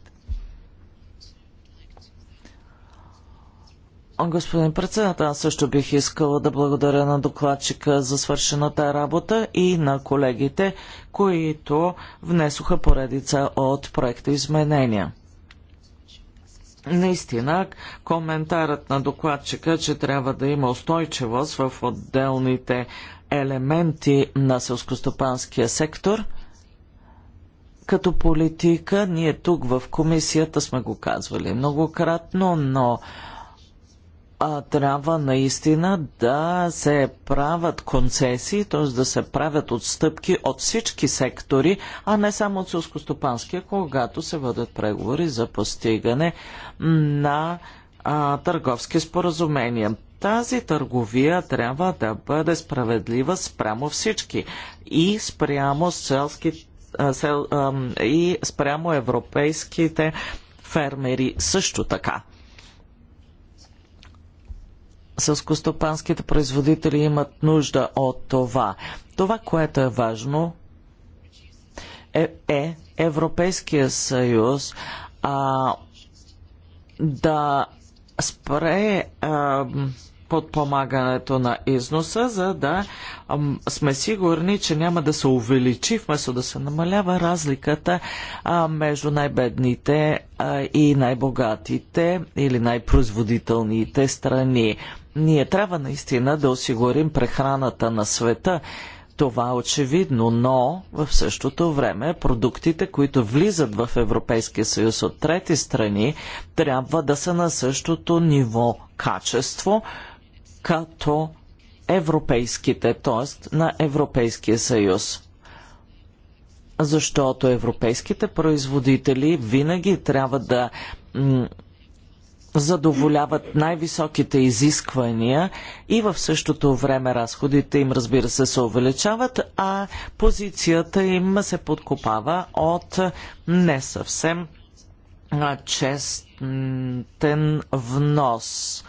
A: Господин председател, аз също бих искала да благодаря на докладчика за свършената работа и на колегите, които внесоха поредица от проекта изменения. Наистина, коментарът на докладчика, че трябва да има устойчивост в отделните елементи на селскостопанския сектор, като политика, ние тук в комисията сме го казвали многократно, но а, трябва наистина да се правят концесии, т.е. да се правят отстъпки от всички сектори, а не само от селскостопанския, когато се водят преговори за постигане на а, търговски споразумения. Тази търговия трябва да бъде справедлива спрямо всички и спрямо селски, а, сел, а, и спрямо европейските фермери също така сълскостопанските производители имат нужда от това. Това, което е важно, е, е Европейския съюз а, да спре а, подпомагането на износа, за да а, сме сигурни, че няма да се увеличи, вместо да се намалява разликата а, между най-бедните и най-богатите или най-производителните страни. Ние трябва наистина да осигурим прехраната на света. Това е очевидно, но в същото време продуктите, които влизат в Европейския съюз от трети страни, трябва да са на същото ниво качество, като европейските, т.е. на Европейския съюз. Защото европейските производители винаги трябва да задоволяват най-високите изисквания и в същото време разходите им, разбира се, се увеличават, а позицията им се подкопава от не съвсем честен внос.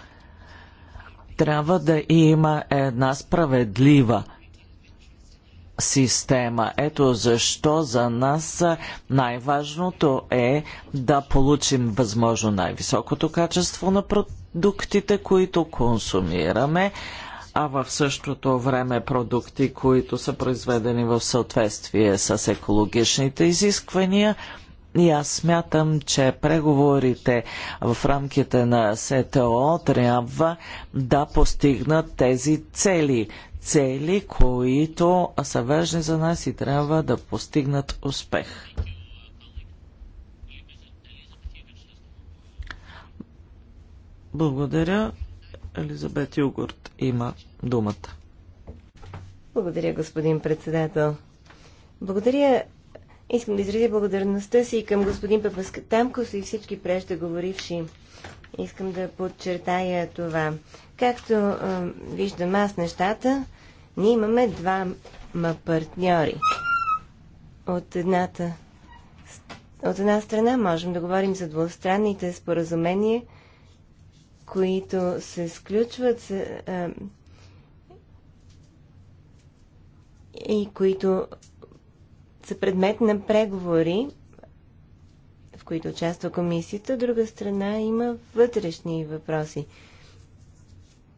A: Трябва да има една справедлива система. Ето защо за нас най-важното е да получим възможно най-високото качество на продуктите, които консумираме, а в същото време продукти, които са произведени в съответствие с екологичните изисквания. И аз смятам, че преговорите в рамките на СТО трябва да постигнат тези цели цели, които са важни за нас и трябва да постигнат успех. Благодаря. Елизабет Югорт има думата.
B: Благодаря, господин председател. Благодаря. Искам да изразя благодарността си към господин Папаскатамкос и всички преждеговоривши. Искам да подчертая това. Както а, виждам аз нещата, ние имаме двама партньори. От едната от една страна можем да говорим за двустранните споразумения, които се сключват а, и които са предмет на преговори, в които участва комисията. От друга страна има вътрешни въпроси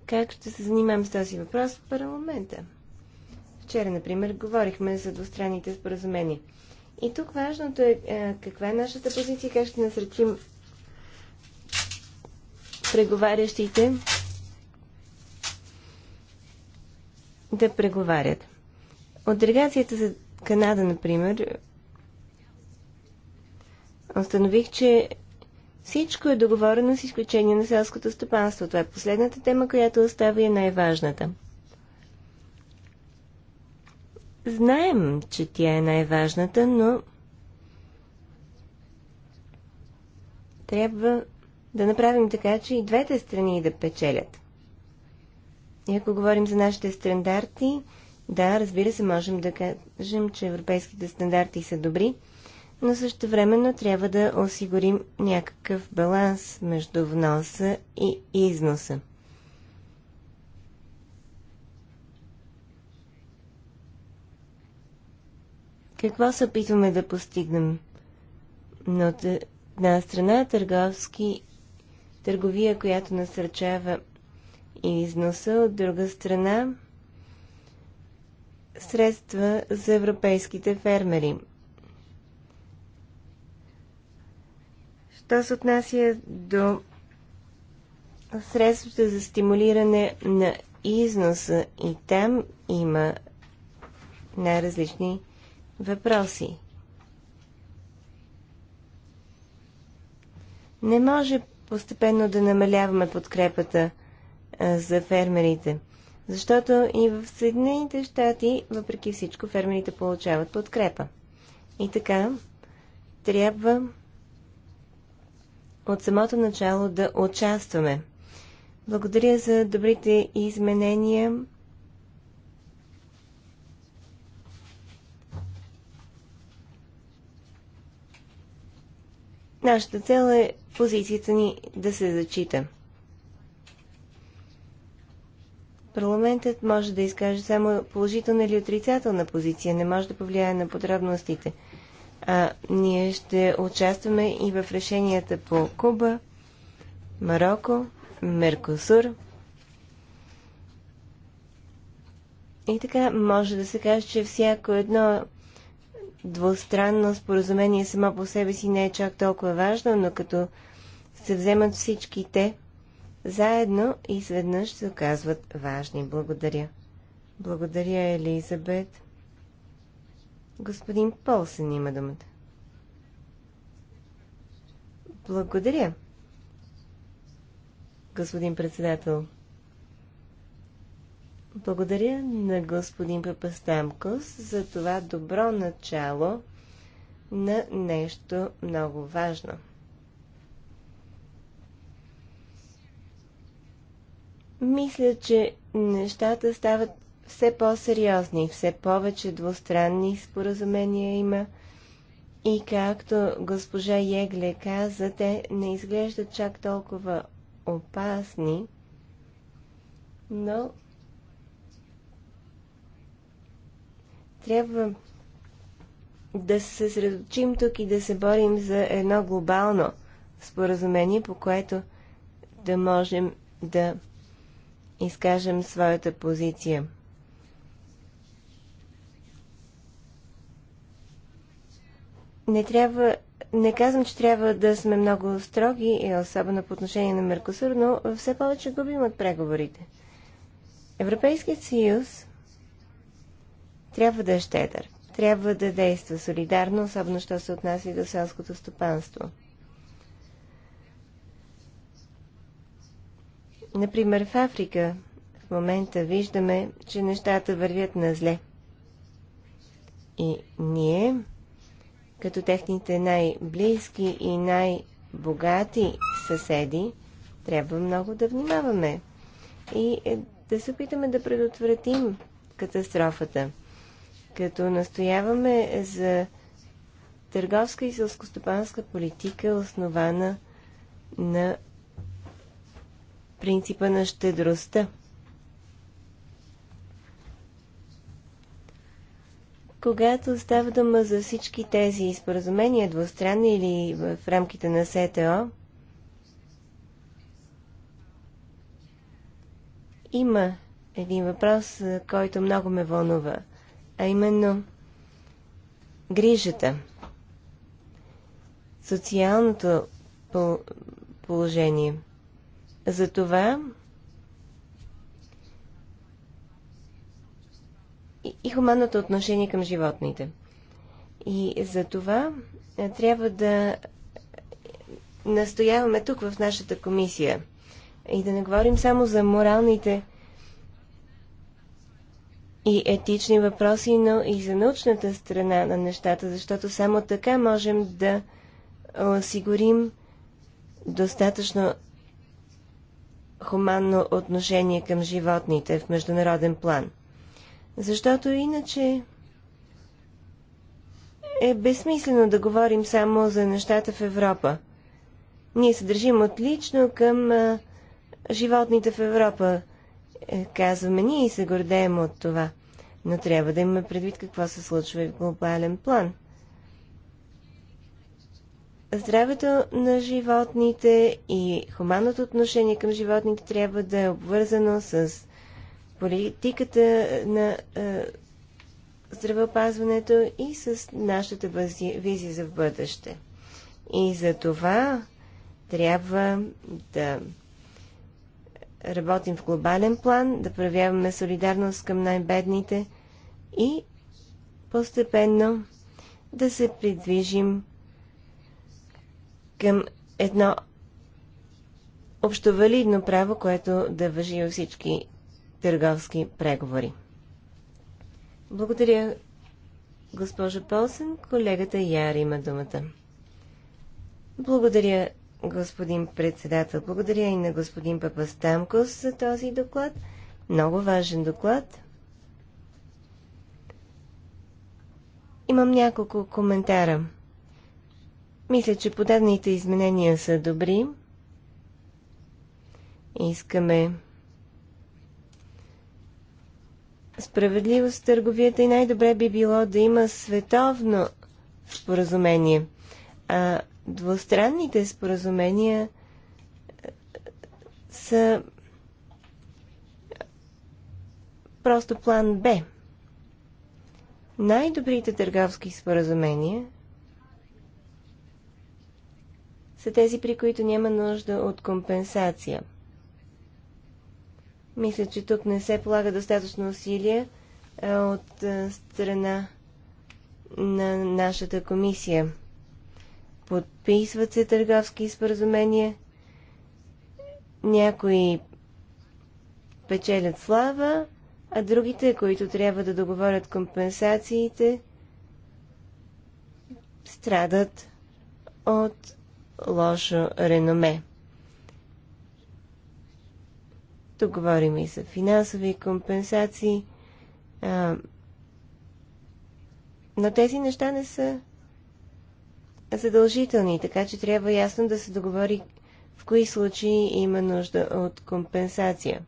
B: как ще се занимавам с този въпрос в парламента. Вчера, например, говорихме за двустранните споразумения. И тук важното е каква е нашата позиция, как ще насръчим преговарящите да преговарят. От делегацията за Канада, например, установих, че всичко е договорено с изключение на селското стопанство. Това е последната тема, която остава и е най-важната. Знаем, че тя е най-важната, но трябва да направим така, че и двете страни да печелят. И ако говорим за нашите стандарти, да, разбира се, можем да кажем, че европейските стандарти са добри, но също времено трябва да осигурим някакъв баланс между вноса и износа. Какво се опитваме да постигнем? Но от една страна търговски търговия, която насърчава износа, от друга страна средства за европейските фермери. Що се отнася до средствата за стимулиране на износа и там има най-различни въпроси. Не може постепенно да намаляваме подкрепата за фермерите, защото и в Съединените щати, въпреки всичко, фермерите получават подкрепа. И така, трябва от самото начало да участваме. Благодаря за добрите изменения. Нашата цел е позицията ни да се зачита. Парламентът може да изкаже само положителна или отрицателна позиция, не може да повлияе на подробностите – а, ние ще участваме и в решенията по Куба, Марокко, Меркосур. И така може да се каже, че всяко едно двустранно споразумение само по себе си не е чак толкова важно, но като се вземат всичките заедно и изведнъж се оказват важни. Благодаря. Благодаря, Елизабет. Господин Полсен има думата. Благодаря. Господин председател, благодаря на господин Папастамкос за това добро начало на нещо много важно. Мисля, че нещата стават все по-сериозни, все повече двустранни споразумения има. И както госпожа Егле каза, те не изглеждат чак толкова опасни, но трябва да се съсредоточим тук и да се борим за едно глобално споразумение, по което да можем да изкажем своята позиция. не трябва, не казвам, че трябва да сме много строги, особено по отношение на Меркосур, но все повече губим от преговорите. Европейският съюз трябва да е щедър. Трябва да действа солидарно, особено що се отнася и до селското стопанство. Например, в Африка в момента виждаме, че нещата вървят на зле. И ние като техните най-близки и най-богати съседи, трябва много да внимаваме и е, да се опитаме да предотвратим катастрофата, като настояваме за търговска и селскостопанска политика, основана на принципа на щедростта. когато става дума за всички тези споразумения, двустранни или в рамките на СТО, има един въпрос, който много ме вълнува, а именно грижата, социалното положение. За това и хуманното отношение към животните. И за това е, трябва да настояваме тук в нашата комисия и да не говорим само за моралните и етични въпроси, но и за научната страна на нещата, защото само така можем да осигурим достатъчно хуманно отношение към животните в международен план. Защото иначе е безсмислено да говорим само за нещата в Европа. Ние се държим отлично към а, животните в Европа, е, казваме ние и се гордеем от това. Но трябва да имаме предвид какво се случва и в глобален план. Здравето на животните и хуманното отношение към животните трябва да е обвързано с политиката на здравеопазването и с нашата визия за в бъдеще. И за това трябва да работим в глобален план, да проявяваме солидарност към най-бедните и постепенно да се придвижим към едно общовалидно право, което да въжи във всички търговски преговори. Благодаря, госпожа Полсен. Колегата Яр има думата. Благодаря, господин председател. Благодаря и на господин Папа Стамкос за този доклад. Много важен доклад. Имам няколко коментара. Мисля, че подадените изменения са добри. Искаме справедливост в търговията и най-добре би било да има световно споразумение. А двустранните споразумения са просто план Б. Най-добрите търговски споразумения са тези, при които няма нужда от компенсация – мисля, че тук не се полага достатъчно усилия от страна на нашата комисия. Подписват се търговски споразумения, някои печелят слава, а другите, които трябва да договорят компенсациите, страдат от лошо реноме. Тук говорим и за финансови компенсации. А, но тези неща не са задължителни, така че трябва ясно да се договори в кои случаи има нужда от компенсация.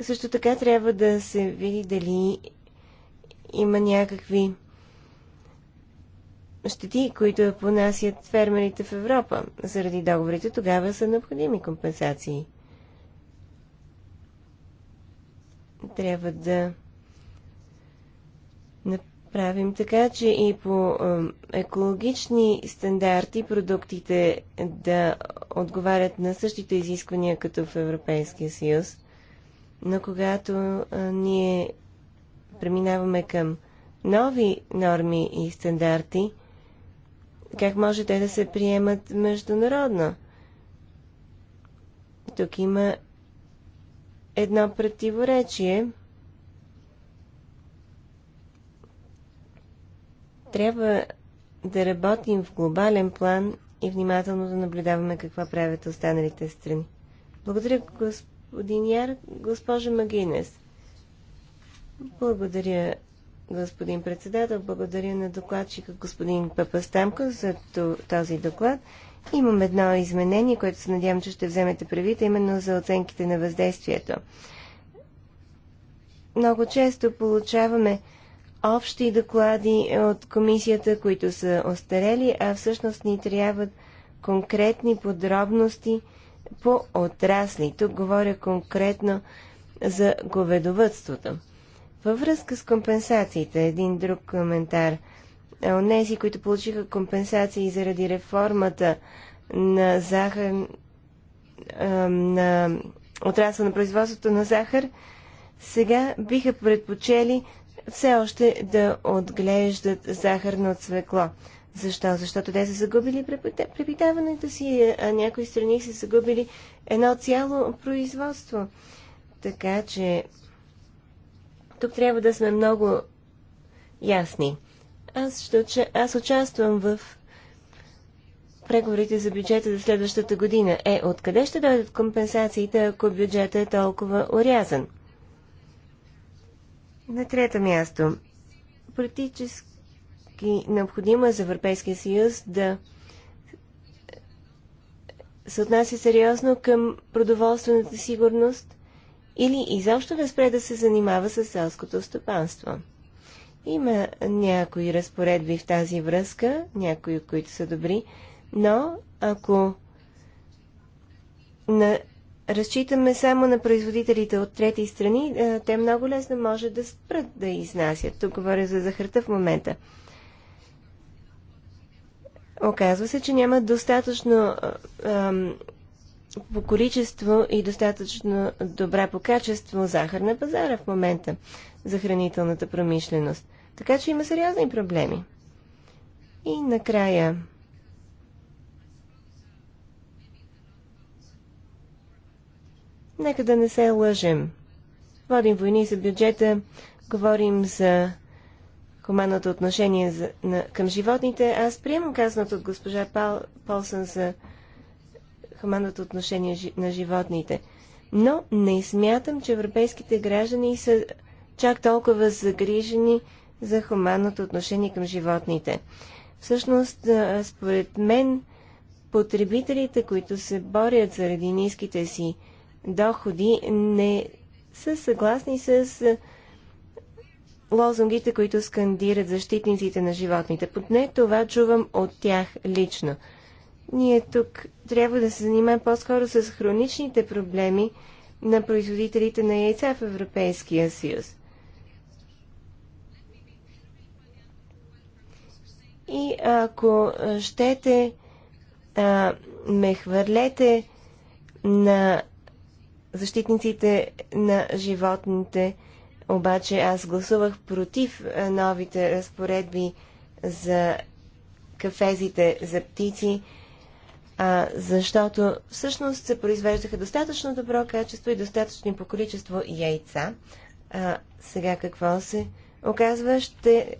B: Също така трябва да се види дали има някакви щети, които понасят фермерите в Европа заради договорите, тогава са необходими компенсации. Трябва да направим така, че и по екологични стандарти продуктите да отговарят на същите изисквания като в Европейския съюз. Но когато ние преминаваме към нови норми и стандарти, как може те да се приемат международно? Тук има едно противоречие. Трябва да работим в глобален план и внимателно да наблюдаваме какво правят останалите страни. Благодаря, господин Яр, госпожа Магинес. Благодаря, господин председател. Благодаря на докладчика господин Папастамко за този доклад. Имам едно изменение, което се надявам, че ще вземете правите, именно за оценките на въздействието. Много често получаваме общи доклади от комисията, които са остарели, а всъщност ни трябват конкретни подробности по отрасли. Тук говоря конкретно за говедовътството. Във връзка с компенсациите, един друг коментар. Онези, които получиха компенсации заради реформата на захар, на отрасъл на производството на захар, сега биха предпочели все още да отглеждат захарно цвекло. Защо? Защото те са загубили препитаването си, а някои страни са загубили едно цяло производство. Така че тук трябва да сме много ясни. Аз, ще, аз участвам в преговорите за бюджета за следващата година. Е, откъде ще дойдат компенсациите, ако бюджетът е толкова урязан? На трето място. Политически необходимо е за Европейския съюз да се отнася сериозно към продоволствената сигурност или изобщо да спре да се занимава с селското стопанство. Има някои разпоредби в тази връзка, някои от които са добри, но ако на... разчитаме само на производителите от трети страни, е, те много лесно може да спрат да изнасят. Тук говоря за захарта в момента. Оказва се, че няма достатъчно е, ам, по количество и достатъчно добра по качество захар на пазара в момента за хранителната промишленост. Така че има сериозни проблеми. И накрая. Нека да не се лъжем. Водим войни за бюджета, говорим за хуманното отношение за, на, към животните. Аз приемам казаното от госпожа Пал, Полсън за хуманното отношение на животните. Но не смятам, че европейските граждани са чак толкова загрижени за хуманното отношение към животните. Всъщност, според мен, потребителите, които се борят заради ниските си доходи, не са съгласни с лозунгите, които скандират защитниците на животните. Поне това чувам от тях лично. Ние тук трябва да се занимаем по-скоро с хроничните проблеми на производителите на яйца в Европейския съюз. И ако щете, а, ме хвърлете на защитниците на животните, обаче аз гласувах против новите разпоредби за кафезите за птици а, защото всъщност се произвеждаха достатъчно добро качество и достатъчно по количество яйца. А, сега какво се оказва? Ще е,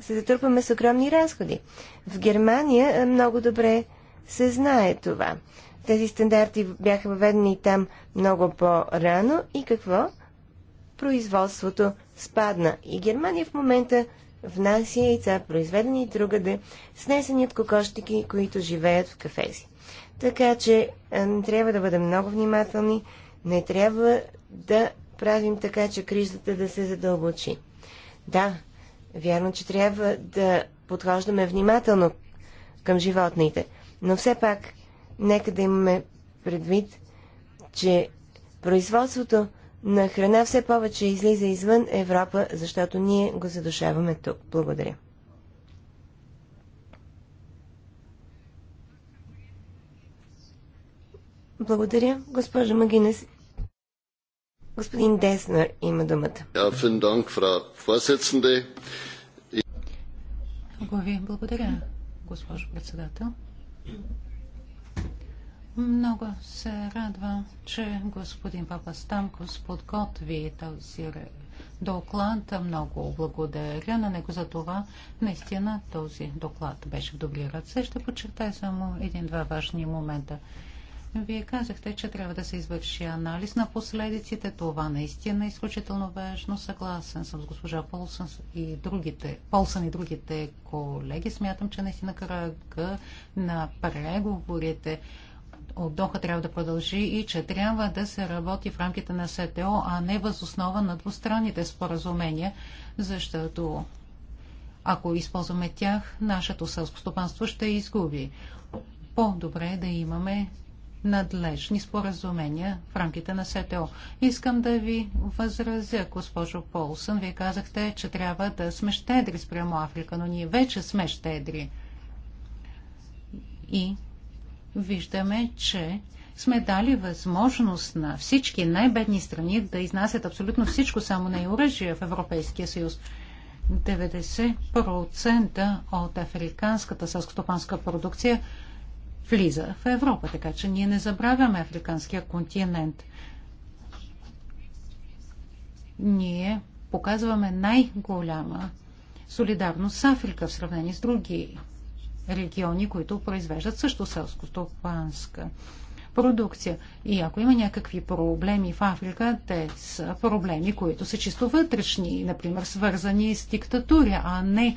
B: се затрупаме с огромни разходи. В Германия е, много добре се знае това. Тези стандарти бяха въведени там много по-рано и какво? Производството спадна. И Германия в момента внася яйца, произведени и другаде, снесени от кокощики, които живеят в кафези. Така че не трябва да бъдем много внимателни, не трябва да правим така, че кризата да се задълбочи. Да, вярно, че трябва да подхождаме внимателно към животните, но все пак нека да имаме предвид, че производството на храна все повече излиза извън Европа, защото ние го задушаваме тук. Благодаря. Благодаря, госпожа Магинес. Господин Деснер има думата.
C: благодаря, госпожо председател. Много се радва, че господин Папа Станкос подготви този доклад. Много благодаря на него за това. Наистина този доклад беше в добри ръце. Ще подчертая само един-два важни момента. Вие казахте, че трябва да се извърши анализ на последиците. Това наистина е изключително важно. Съгласен съм с госпожа Полсън и другите, Полсън и другите колеги. Смятам, че наистина кръга на преговорите от Доха трябва да продължи и че трябва да се работи в рамките на СТО, а не възоснова на двустранните споразумения, защото ако използваме тях, нашето стопанство ще изгуби. По-добре е да имаме надлежни споразумения в рамките на СТО. Искам да ви възразя, госпожо Полсън. Вие казахте, че трябва да сме щедри спрямо Африка, но ние вече сме щедри. И виждаме, че сме дали възможност на всички най-бедни страни да изнасят абсолютно всичко, само не и оръжие в Европейския съюз. 90% от африканската селскостопанска продукция влиза в Европа, така че ние не забравяме африканския континент. Ние показваме най-голяма солидарност с Африка в сравнение с други региони, които произвеждат също селско-стопанска продукция. И ако има някакви проблеми в Африка, те са проблеми, които са чисто вътрешни, например, свързани с диктатури, а не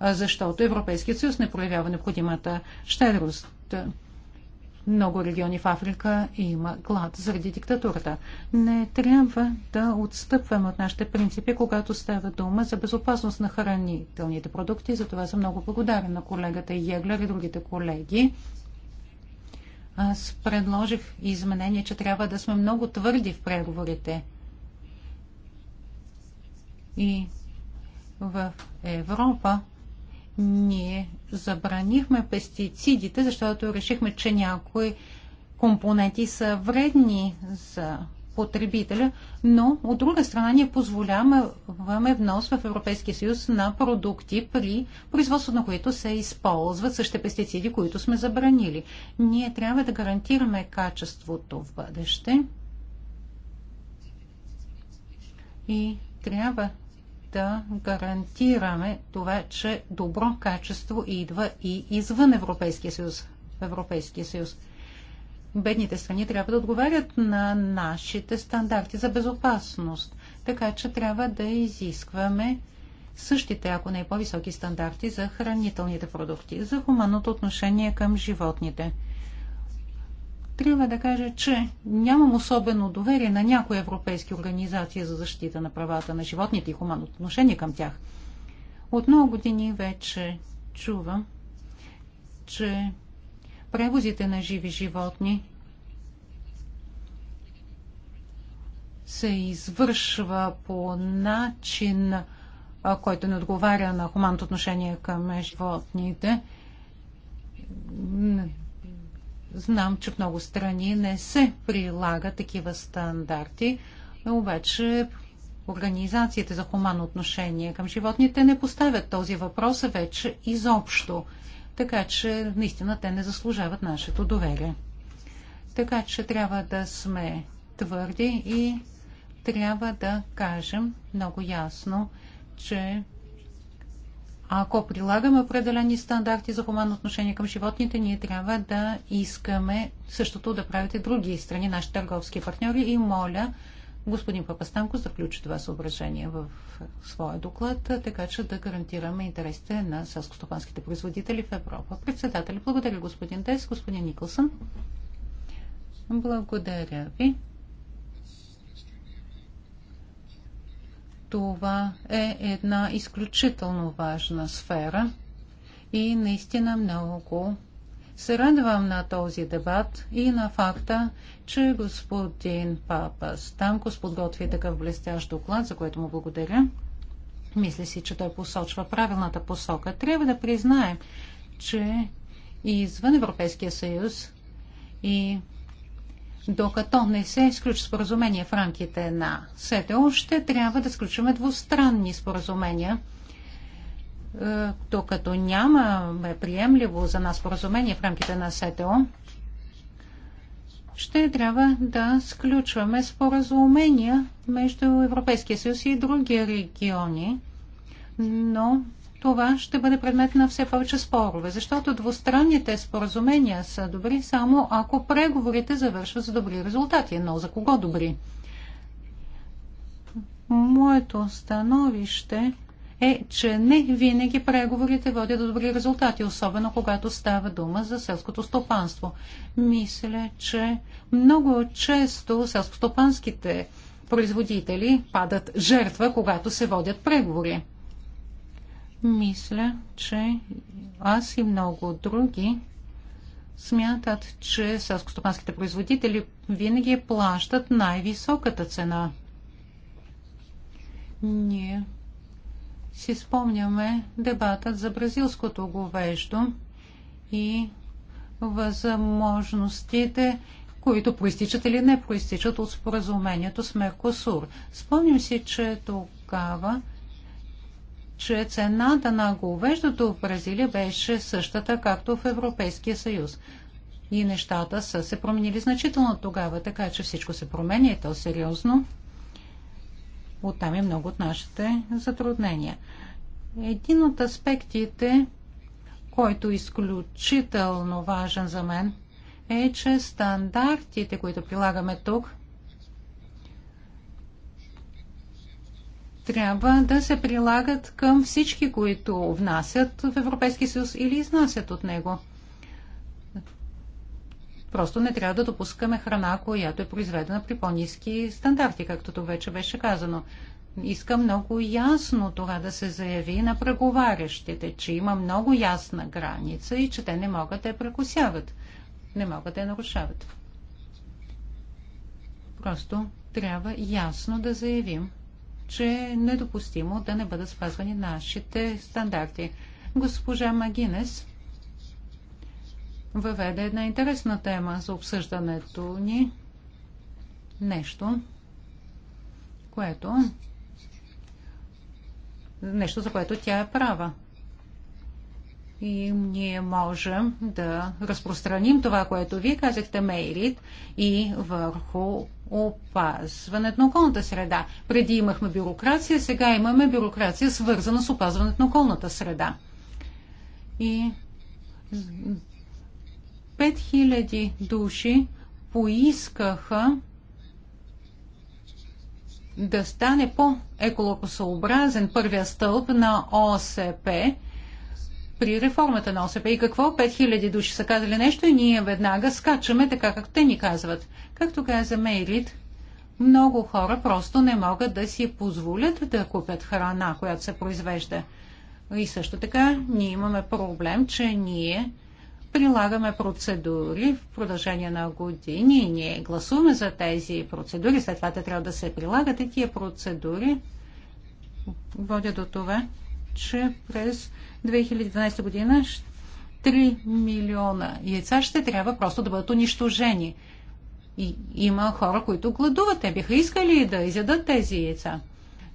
C: защото Европейският съюз не проявява необходимата щедрост. Много региони в Африка има глад заради диктатурата. Не трябва да отстъпваме от нашите принципи, когато става дума за безопасност на хранителните продукти. За това съм много благодарен на колегата Еглер и другите колеги. Аз предложих изменение, че трябва да сме много твърди в преговорите. И в Европа ние забранихме пестицидите, защото решихме, че някои компоненти са вредни за потребителя, но от друга страна ние позволяваме внос в Европейския съюз на продукти при производство на които се използват същите пестициди, които сме забранили. Ние трябва да гарантираме качеството в бъдеще и трябва да гарантираме това, че добро качество идва и извън Европейския съюз. Европейския съюз. Бедните страни трябва да отговарят на нашите стандарти за безопасност, така че трябва да изискваме същите, ако не е по-високи стандарти за хранителните продукти, за хуманното отношение към животните – трябва да кажа, че нямам особено доверие на някои европейски организации за защита на правата на животните и хуманно отношение към тях. От много години вече чувам, че превозите на живи животни се извършва по начин, който не отговаря на хуманното отношение към животните Знам, че в много страни не се прилагат такива стандарти, обаче организациите за хуманно отношение към животните не поставят този въпрос вече изобщо. Така че наистина те не заслужават нашето доверие. Така че трябва да сме твърди и трябва да кажем много ясно, че ако прилагаме определени стандарти за хуманно отношение към животните, ние трябва да искаме същото да правите други страни, наши търговски партньори и моля господин Папастанко, да включи това съображение в своя доклад, така че да гарантираме интересите на селскостопанските производители в Европа. Председатели, благодаря господин Дес, господин Николсън. Благодаря ви. Това е една изключително важна сфера и наистина много се радвам на този дебат и на факта, че господин Папа Станкос подготви такъв блестящ доклад, за което му благодаря. Мисля си, че той посочва правилната посока. Трябва да признаем, че и извън Европейския съюз и докато не се изключи споразумение в рамките на СТО, ще трябва да сключваме двустранни споразумения. Е, докато нямаме приемливо за нас споразумение в рамките на СТО, ще трябва да сключваме споразумения между Европейския съюз и други региони, но това ще бъде предмет на все повече спорове, защото двустранните споразумения са добри само ако преговорите завършват с добри резултати. Но за кого добри? Моето становище е, че не винаги преговорите водят до добри резултати, особено когато става дума за селското стопанство. Мисля, че много често селскостопанските производители падат жертва, когато се водят преговори. Мисля, че аз и много други смятат, че селскостопанските производители винаги плащат най-високата цена. Ние си спомняме дебатът за бразилското говеждо и възможностите, които проистичат или не проистичат от споразумението с Меркосур. Спомним си, че тогава че цената на говеждото в Бразилия беше същата, както в Европейския съюз. И нещата са се променили значително тогава, така че всичко се променя и то сериозно. Оттам е много от нашите затруднения. Един от аспектите, който е изключително важен за мен, е, че стандартите, които прилагаме тук, трябва да се прилагат към всички, които внасят в Европейския съюз или изнасят от него. Просто не трябва да допускаме храна, която е произведена при по-низки стандарти, както то вече беше казано. Искам много ясно това да се заяви на преговарящите, че има много ясна граница и че те не могат да я прекусяват, не могат да я нарушават. Просто трябва ясно да заявим, че е недопустимо да не бъдат спазвани нашите стандарти. Госпожа Магинес въведе една интересна тема за обсъждането ни. Нещо, което нещо, за което тя е права. И ние можем да разпространим това, което вие казахте, Мейрит и върху опазването на околната среда. Преди имахме бюрокрация, сега имаме бюрокрация, свързана с опазването на околната среда. И 5000 души поискаха да стане по-екологосъобразен първия стълб на ОСП при реформата на ОСП. И какво? 5000 души са казали нещо и ние веднага скачаме така, както те ни казват. Както каза Мейлит, много хора просто не могат да си позволят да купят храна, която се произвежда. И също така ние имаме проблем, че ние прилагаме процедури в продължение на години и ние гласуваме за тези процедури, след това те трябва да се прилагат и тия процедури водят до това, че през 2012 година 3 милиона яйца ще трябва просто да бъдат унищожени. И има хора, които гладуват. Те биха искали да изядат тези яйца.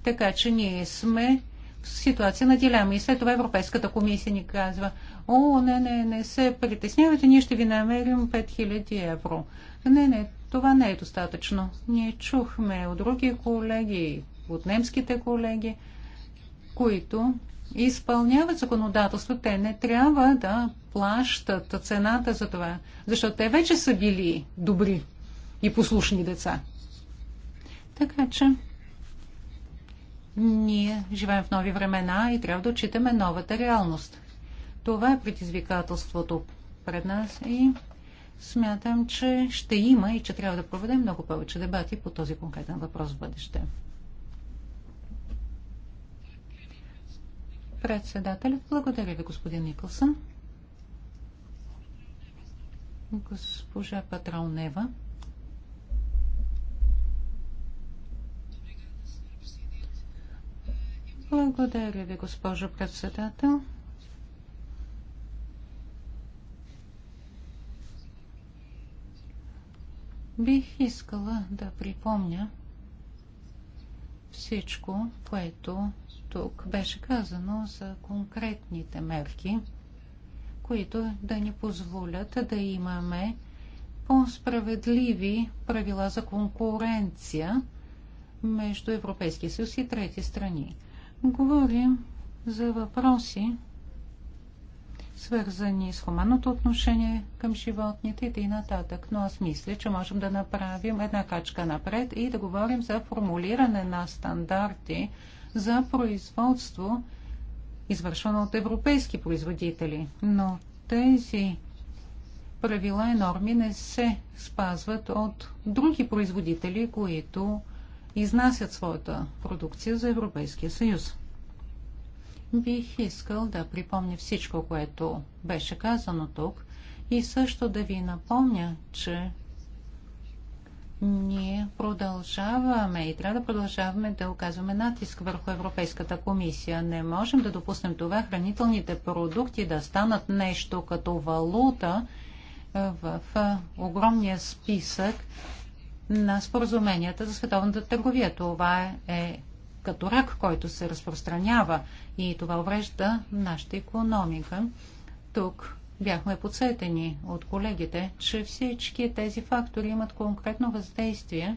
C: Така че ние сме в ситуация на диляма. И след това Европейската комисия ни казва, о, не, не, не се притеснявайте, ние ще ви намерим 5000 евро. Не, не, това не е достатъчно. Ние чухме от други колеги, от немските колеги, които изпълняват законодателство, те не трябва да плащат цената за това, защото те вече са били добри и послушни деца. Така че ние живеем в нови времена и трябва да отчитаме новата реалност. Това е предизвикателството пред нас и смятам, че ще има и че трябва да проведем много повече дебати по този конкретен въпрос в бъдеще. Председателят, благодаря ви, господин Николсън. Госпожа Патралнева. Благодаря ви, госпожо председател. Бих искала да припомня всичко, което тук беше казано за конкретните мерки, които да ни позволят да имаме по-справедливи правила за конкуренция между Европейския съюз и трети страни. Говорим за въпроси, свързани с хуманното отношение към животните и нататък, Но аз мисля, че можем да направим една качка напред и да говорим за формулиране на стандарти за производство, извършвано от европейски производители. Но тези правила и норми не се спазват от други производители, които изнасят своята продукция за Европейския съюз. Бих искал да припомня всичко, което беше казано тук и също да ви напомня, че ние продължаваме и трябва да продължаваме да оказваме натиск върху Европейската комисия. Не можем да допуснем това хранителните продукти да станат нещо като валута в огромния списък на споразуменията за световната търговия. Това е, е като рак, който се разпространява и това уврежда нашата економика. Тук бяхме подсетени от колегите, че всички тези фактори имат конкретно въздействие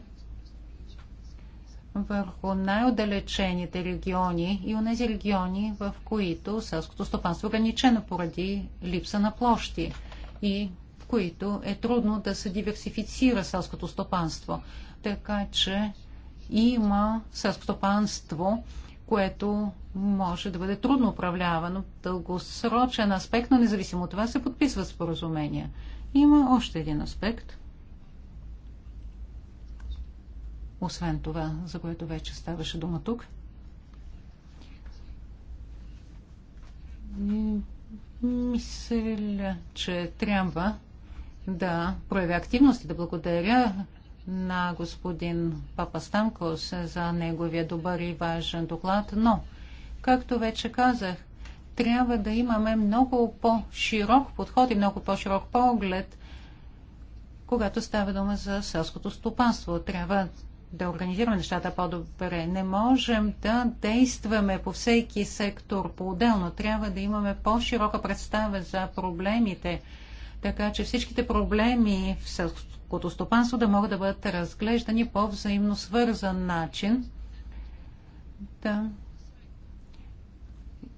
C: върху най-отдалечените региони и у нези региони, в които селското стопанство е ограничено поради липса на площи и в които е трудно да се диверсифицира селското стопанство. Така че има селско стопанство което може да бъде трудно управлявано в дългосрочен аспект, но независимо от това се подписват споразумения. Има още един аспект. Освен това, за което вече ставаше дума тук. Мисля, че трябва да проявя активност и да благодаря на господин Папастамкос за неговия добър и важен доклад, но, както вече казах, трябва да имаме много по-широк подход и много по-широк поглед, когато става дума за селското стопанство. Трябва да организираме нещата по-добре. Не можем да действаме по всеки сектор по-отделно. Трябва да имаме по-широка представа за проблемите, така че всичките проблеми в селското като стопанство да могат да бъдат разглеждани по взаимно свързан начин. Да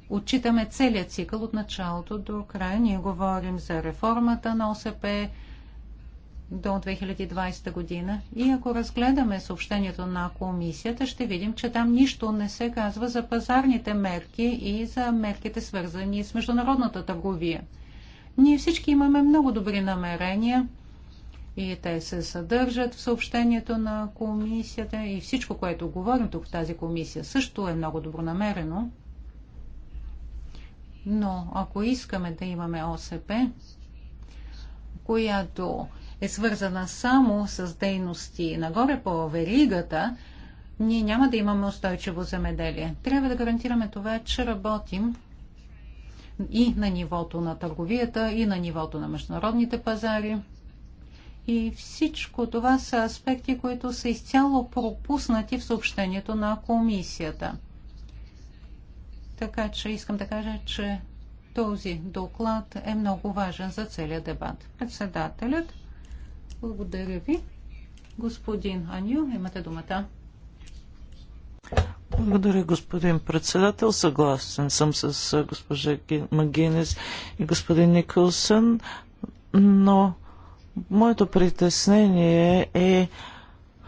C: отчитаме целият цикъл от началото до края. Ние говорим за реформата на ОСП до 2020 година. И ако разгледаме съобщението на комисията, ще видим, че там нищо не се казва за пазарните мерки и за мерките свързани с международната търговия. Ние всички имаме много добри намерения – и те се съдържат в съобщението на комисията и всичко, което говорим тук в тази комисия също е много добронамерено. Но ако искаме да имаме ОСП, която е свързана само с дейности нагоре по веригата, ние няма да имаме устойчиво земеделие. Трябва да гарантираме това, че работим и на нивото на търговията, и на нивото на международните пазари. И всичко това са аспекти, които са изцяло пропуснати в съобщението на комисията. Така че искам да кажа, че този доклад е много важен за целият дебат. Председателят, благодаря ви. Господин Аню, имате думата.
A: Благодаря, господин председател. Съгласен съм с госпожа Магинес и господин Николсън, но Моето притеснение е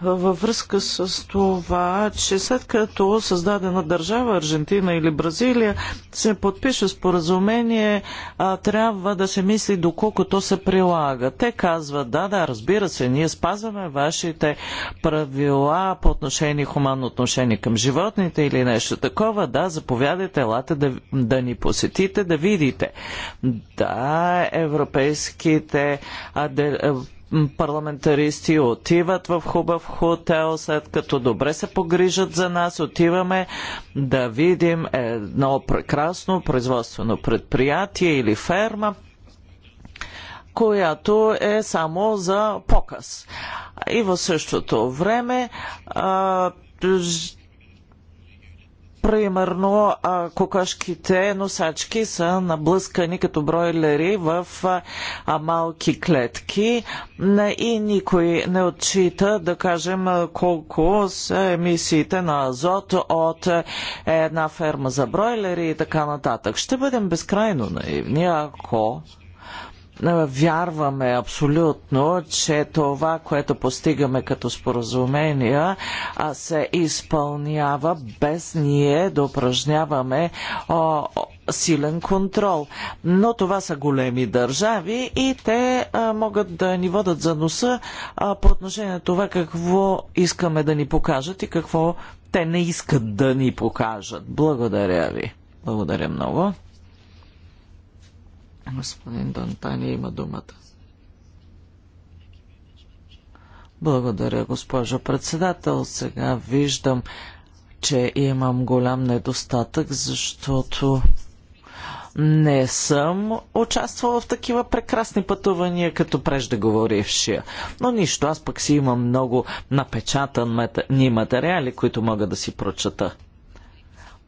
A: във връзка с това, че след като създадена държава, Аржентина или Бразилия, се подпише споразумение, а, трябва да се мисли доколко то се прилага. Те казват, да, да, разбира се, ние спазваме вашите правила по отношение, хуманно отношение към животните или нещо такова. Да, заповядайте, лате да, да ни посетите, да видите. Да, европейските а, де, парламентаристи отиват в хубав хотел, след като добре се погрижат за нас, отиваме да видим едно прекрасно производствено предприятие или ферма, която е само за показ. И в същото време а, Примерно, кокошките носачки са наблъскани като бройлери в малки клетки и никой не отчита, да кажем, колко са емисиите на азот от една ферма за бройлери и така нататък. Ще бъдем безкрайно наивни, ако вярваме абсолютно, че това, което постигаме като споразумения, се изпълнява без ние да упражняваме силен контрол. Но това са големи държави и те а, могат да ни водат за носа а, по отношение на това какво искаме да ни покажат и какво те не искат да ни покажат. Благодаря ви. Благодаря много. Господин Дантани има думата. Благодаря, госпожо председател. Сега виждам, че имам голям недостатък, защото не съм участвала в такива прекрасни пътувания, като преждеговорившия. Но нищо, аз пък си имам много напечатани материали, които мога да си прочета.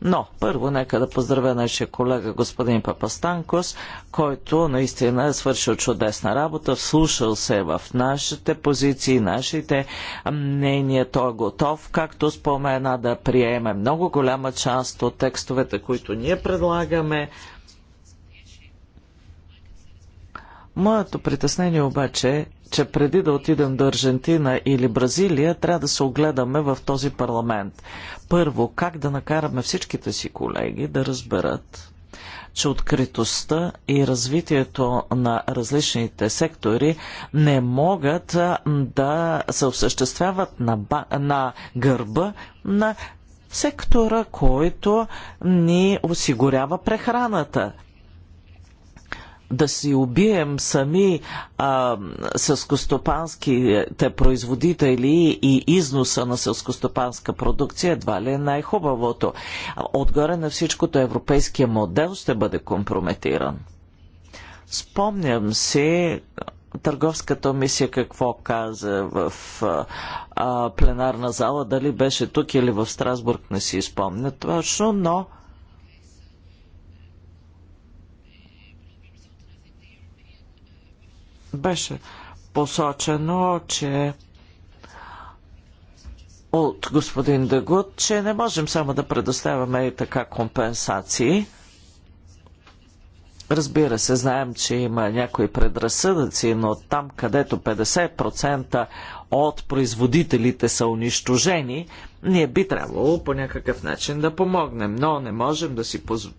A: Но първо нека да поздравя нашия колега господин Папастанкос, който наистина е свършил чудесна работа, вслушал се в нашите позиции, нашите мнения. Той е готов, както спомена, да приеме много голяма част от текстовете, които ние предлагаме. Моето притеснение обаче е, че преди да отидем до Аржентина или Бразилия, трябва да се огледаме в този парламент. Първо, как да накараме всичките си колеги да разберат, че откритостта и развитието на различните сектори не могат да се осъществяват на, ба... на гърба на сектора, който ни осигурява прехраната да си убием сами а, производители и износа на селскостопанска продукция едва ли е най-хубавото. Отгоре на всичкото европейския модел ще бъде компрометиран. Спомням си търговската мисия какво каза в а, пленарна зала, дали беше тук или в Страсбург, не си спомня точно, но Беше посочено, че от господин Дагут, че не можем само да предоставяме и така компенсации. Разбира се, знаем, че има някои предразсъдъци, но там, където 50% от производителите са унищожени, ние би трябвало по някакъв начин да помогнем, но не можем да си позволим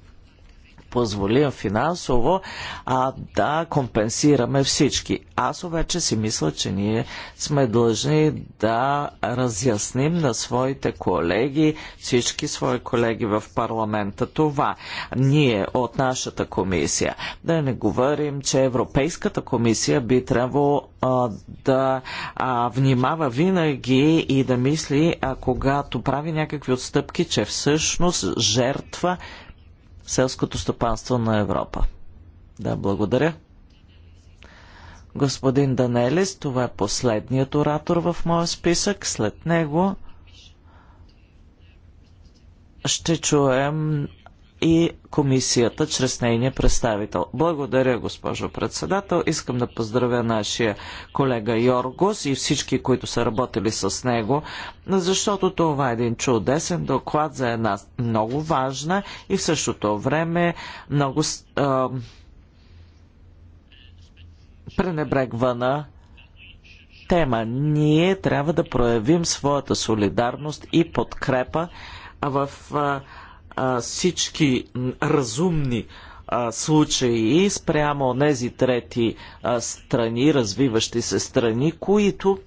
A: позволим финансово а, да компенсираме всички. Аз обаче си мисля, че ние сме длъжни да разясним на своите колеги, всички свои колеги в парламента това. Ние от нашата комисия. Да не говорим, че Европейската комисия би трябвало а, да а, внимава винаги и да мисли, а, когато прави някакви отстъпки, че всъщност жертва селското стопанство на Европа. Да, благодаря. Господин Данелис, това е последният оратор в моя списък. След него ще чуем и комисията чрез нейния представител. Благодаря, госпожо председател. Искам да поздравя нашия колега Йоргос и всички, които са работили с него, защото това е един чудесен доклад за една много важна и в същото време много е, пренебрегвана тема. Ние трябва да проявим своята солидарност и подкрепа в е, а, всички разумни случаи спрямо тези трети а, страни, развиващи се страни, които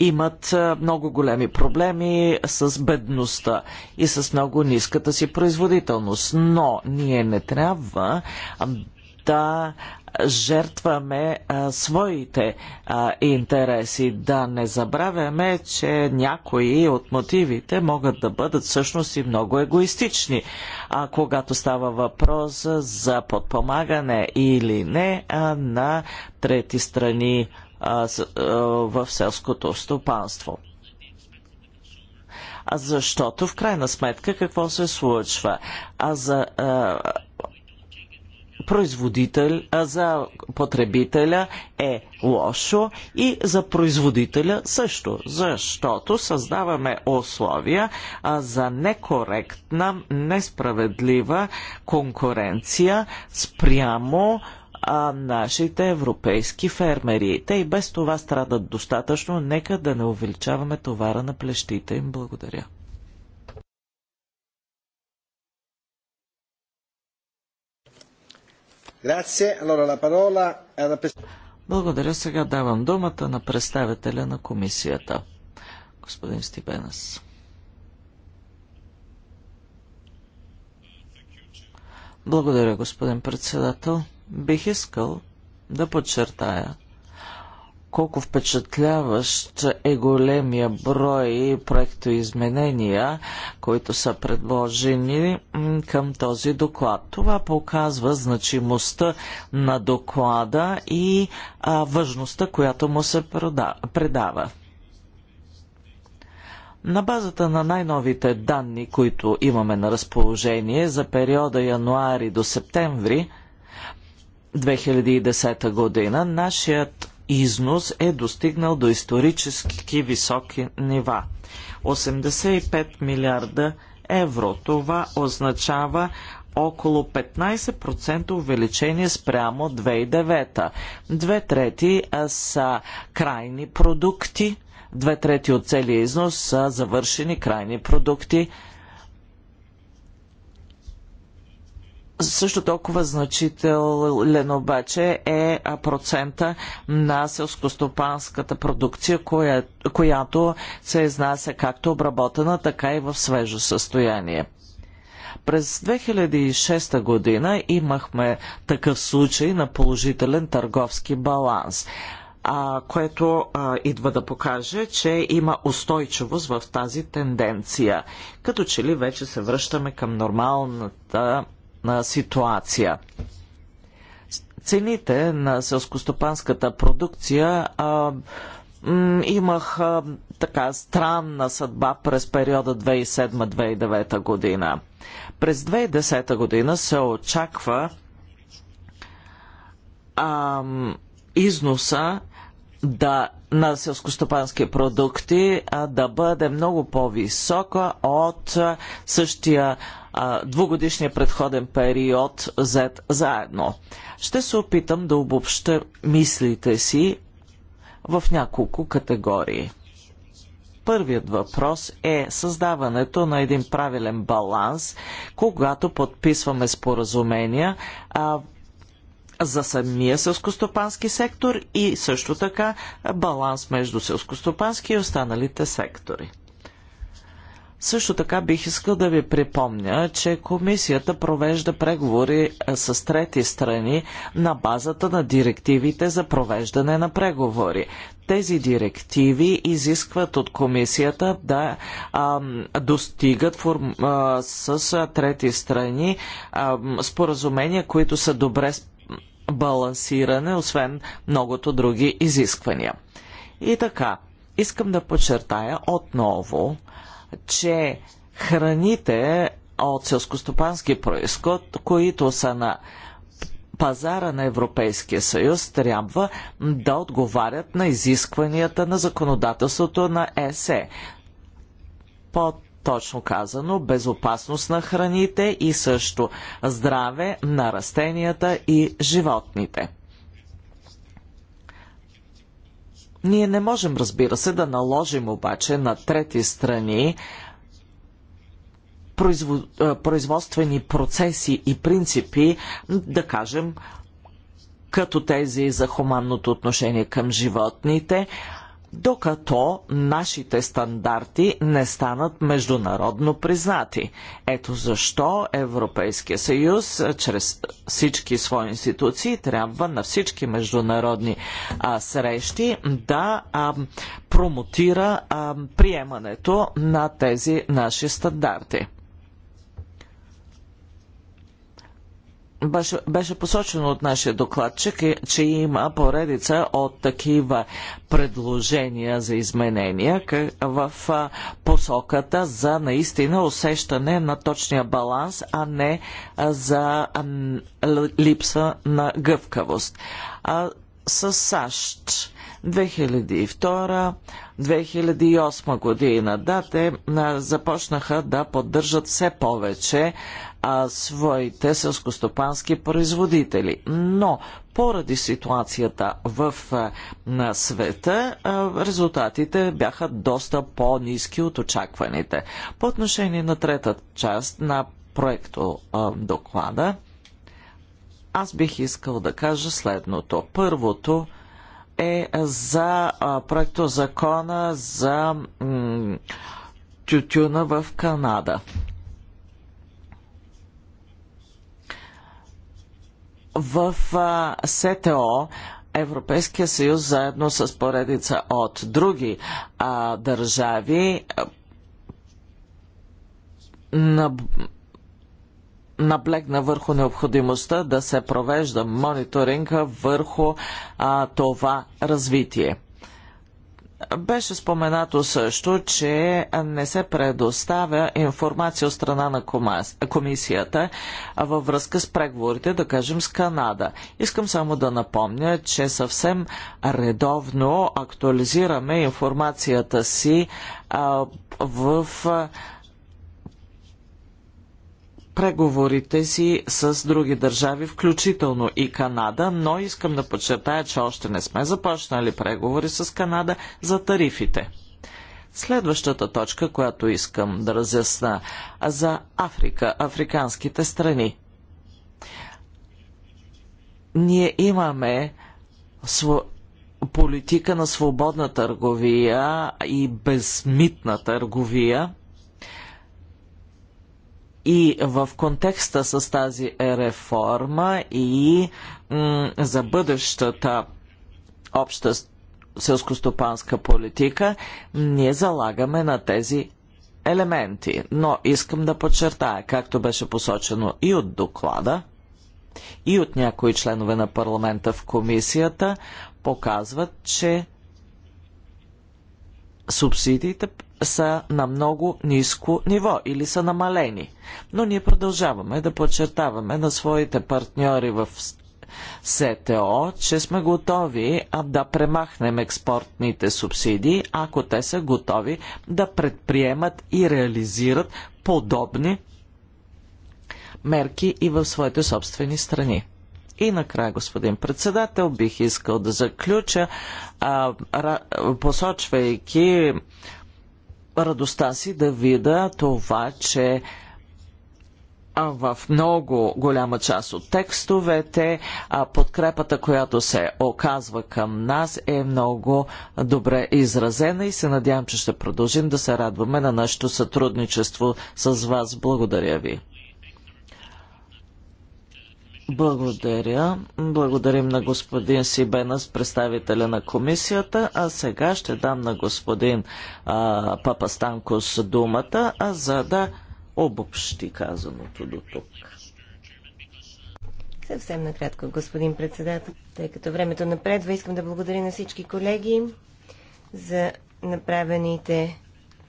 A: имат много големи проблеми с бедността и с много ниската си производителност. Но ние не трябва да жертваме а, своите а, интереси. Да не забравяме, че някои от мотивите могат да бъдат всъщност и много егоистични. А когато става въпрос за подпомагане или не а, на трети страни а, с, а, в селското стопанство защото в крайна сметка какво се случва? А за а, производител, а за потребителя е лошо и за производителя също, защото създаваме условия а за некоректна, несправедлива конкуренция спрямо а нашите европейски фермери. Те и без това страдат достатъчно. Нека да не увеличаваме товара на плещите им. Благодаря. Благодаря. Сега давам думата на представителя на комисията, господин Стипенес. Благодаря, господин председател. Бих искал да подчертая, колко впечатляващ е големия брой проектоизменения, които са предложени към този доклад. Това показва значимостта на доклада и а, важността, която му се предава. На базата на най-новите данни, които имаме на разположение за периода януари до септември 2010 година, нашият износ е достигнал до исторически високи нива. 85 милиарда евро. Това означава около 15% увеличение спрямо 2009. Две трети са крайни продукти, две трети от целия износ са завършени крайни продукти – Също толкова значителен обаче е процента на селскостопанската продукция, коя, която се изнася както обработена, така и в свежо състояние. През 2006 година имахме такъв случай на положителен търговски баланс, а, което а, идва да покаже, че има устойчивост в тази тенденция. Като че ли вече се връщаме към нормалната ситуация. Цените на селскостопанската продукция а, имаха така странна съдба през периода 2007-2009 година. През 2010 година се очаква а, износа да, на селскостопански продукти а, да бъде много по-висока от същия двугодишния предходен период зет заедно. Ще се опитам да обобща мислите си в няколко категории. Първият въпрос е създаването на един правилен баланс, когато подписваме споразумения а, за самия селскостопански сектор и също така баланс между селскостопански и останалите сектори. Също така бих искал да ви припомня, че комисията провежда преговори с трети страни на базата на директивите за провеждане на преговори. Тези директиви изискват от комисията да а, достигат форм, а, с трети страни а, споразумения, които са добре балансиране, освен многото други изисквания. И така, искам да подчертая отново, че храните от селскостопански происход, които са на пазара на Европейския съюз, трябва да отговарят на изискванията на законодателството на ЕСЕ. По точно казано, безопасност на храните и също здраве на растенията и животните. Ние не можем, разбира се, да наложим обаче на трети страни производствени процеси и принципи, да кажем, като тези за хуманното отношение към животните, докато нашите стандарти не станат международно признати. Ето защо Европейския съюз чрез всички свои институции трябва на всички международни а, срещи да а, промотира а, приемането на тези наши стандарти. беше, беше посочено от нашия докладчик, е, че има поредица от такива предложения за изменения в посоката за наистина усещане на точния баланс, а не за липса на гъвкавост. А с САЩ 2002-2008 година. Да, те започнаха да поддържат все повече а, своите сълскостопански производители. Но поради ситуацията в а, на света, а, резултатите бяха доста по-низки от очакваните. По отношение на третата част на проекто а, доклада, аз бих искал да кажа следното. Първото е за проекто закона за м- тютюна в Канада. в СТО Европейския съюз заедно с поредица от други а, държави на наблегна върху необходимостта да се провежда мониторинга върху а, това развитие. Беше споменато също, че не се предоставя информация от страна на комисията във връзка с преговорите, да кажем, с Канада. Искам само да напомня, че съвсем редовно актуализираме информацията си в преговорите си с други държави, включително и Канада, но искам да подчертая, че още не сме започнали преговори с Канада за тарифите. Следващата точка, която искам да разясна, за Африка, африканските страни. Ние имаме политика на свободна търговия и безмитна търговия – и в контекста с тази реформа и за бъдещата обща селскостопанска политика, ние залагаме на тези елементи. Но искам да подчертая, както беше посочено и от доклада, и от някои членове на парламента в комисията, показват, че субсидиите са на много ниско ниво или са намалени. Но ние продължаваме да подчертаваме на своите партньори в СТО, че сме готови да премахнем експортните субсидии, ако те са готови да предприемат и реализират подобни мерки и в своите собствени страни. И накрая, господин председател, бих искал да заключа, а, посочвайки радостта си да видя това, че в много голяма част от текстовете подкрепата, която се оказва към нас е много добре изразена и се надявам, че ще продължим да се радваме на нашето сътрудничество с вас. Благодаря ви. Благодаря. Благодарим на господин Сибенас, представителя на комисията. А сега ще дам на господин а, Папастанкос думата, а за да обобщи казаното до тук.
B: Съвсем накратко, господин председател. Тъй като времето напредва, искам да благодаря на всички колеги за направените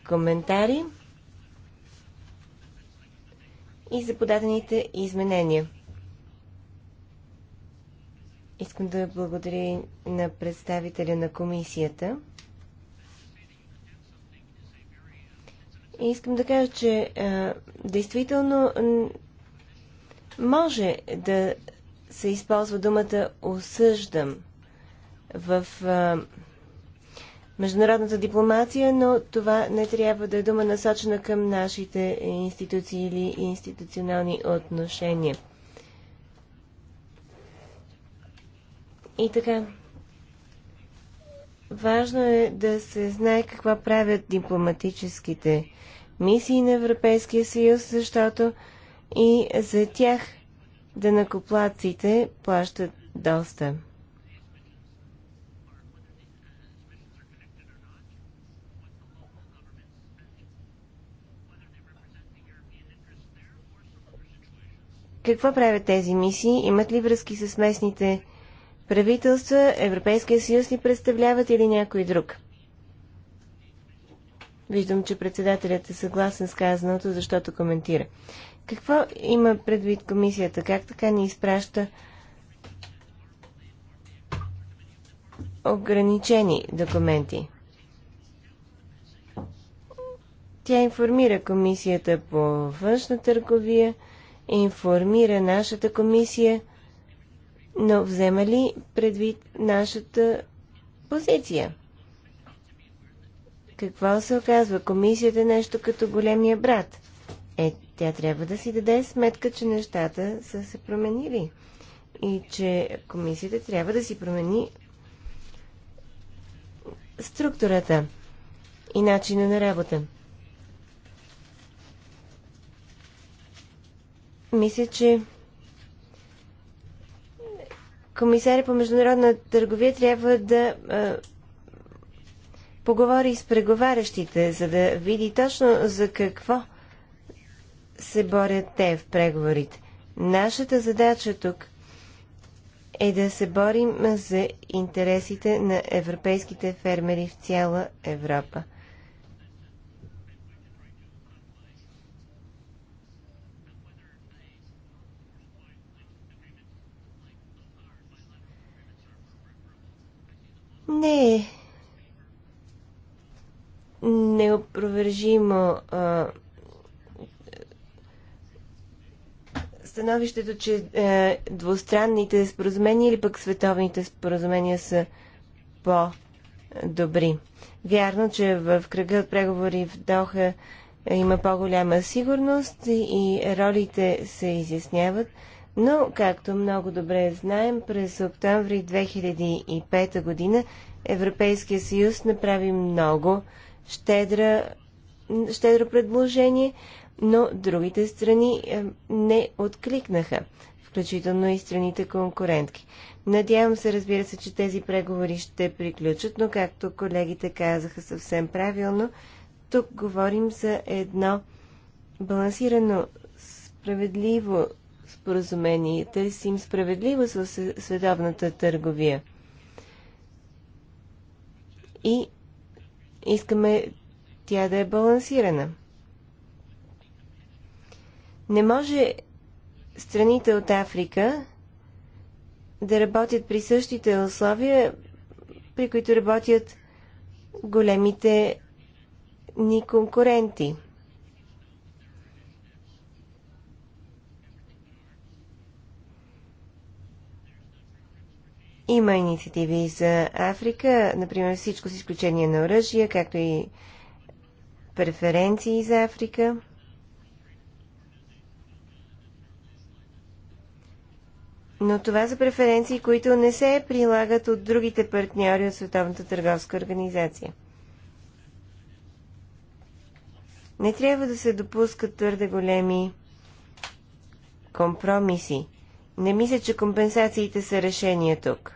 B: коментари и за подадените изменения. Искам да благодаря на представителя на комисията. И искам да кажа, че а, действително може да се използва думата осъждам в а, международната дипломация, но това не трябва да е дума насочена към нашите институции или институционални отношения. И така, важно е да се знае какво правят дипломатическите мисии на Европейския съюз, защото и за тях накоплаците плащат доста. Какво правят тези мисии? Имат ли връзки с местните правителства, Европейския съюз ли представляват или някой друг? Виждам, че председателят е съгласен с казаното, защото коментира. Какво има предвид комисията? Как така ни изпраща ограничени документи? Тя информира комисията по външна търговия, информира нашата комисия – но взема ли предвид нашата позиция? Какво се оказва? Комисията е нещо като големия брат. Е, тя трябва да си даде сметка, че нещата са се променили и че комисията трябва да си промени структурата и начина на работа. Мисля, че комисаря по международна търговия трябва да а, поговори с преговарящите, за да види точно за какво се борят те в преговорите. Нашата задача тук е да се борим за интересите на европейските фермери в цяла Европа. не е неопровержимо а, становището, че е, двустранните споразумения или пък световните споразумения са по-добри. Вярно, че в кръга от преговори в Доха има по-голяма сигурност и, и ролите се изясняват, но, както много добре знаем, през октомври 2005 година Европейския съюз направи много щедра, щедро предложение, но другите страни е, не откликнаха, включително и страните конкурентки. Надявам се, разбира се, че тези преговори ще приключат, но както колегите казаха съвсем правилно, тук говорим за едно балансирано, справедливо споразумение и търсим справедливост в световната търговия. И искаме тя да е балансирана. Не може страните от Африка да работят при същите условия, при които работят големите ни конкуренти. Има инициативи за Африка, например всичко с изключение на оръжия, както и преференции за Африка. Но това са преференции, които не се прилагат от другите партньори от Световната търговска организация. Не трябва да се допускат твърде големи компромиси не мисля, че компенсациите са решение тук.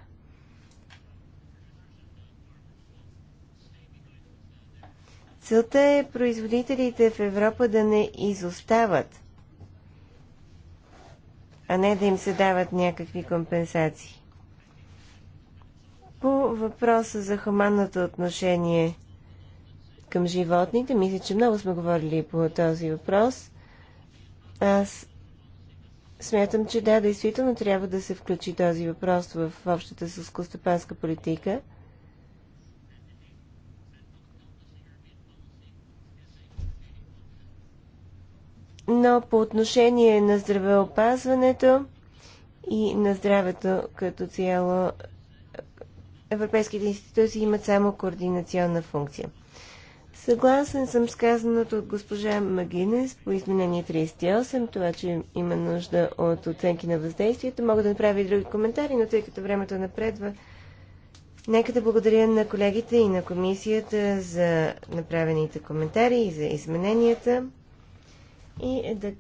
B: Целта е производителите в Европа да не изостават, а не да им се дават някакви компенсации. По въпроса за хуманното отношение към животните, мисля, че много сме говорили по този въпрос. Аз Смятам, че да, действително трябва да се включи този въпрос в общата сълскостопанска политика. Но по отношение на здравеопазването и на здравето като цяло, европейските институции имат само координационна функция. Съгласен съм с казаното от госпожа Магинес по изменение 38, това, че има нужда от оценки на въздействието. Мога да направя и други коментари, но тъй като времето напредва, нека да благодаря на колегите и на комисията за направените коментари и за измененията и да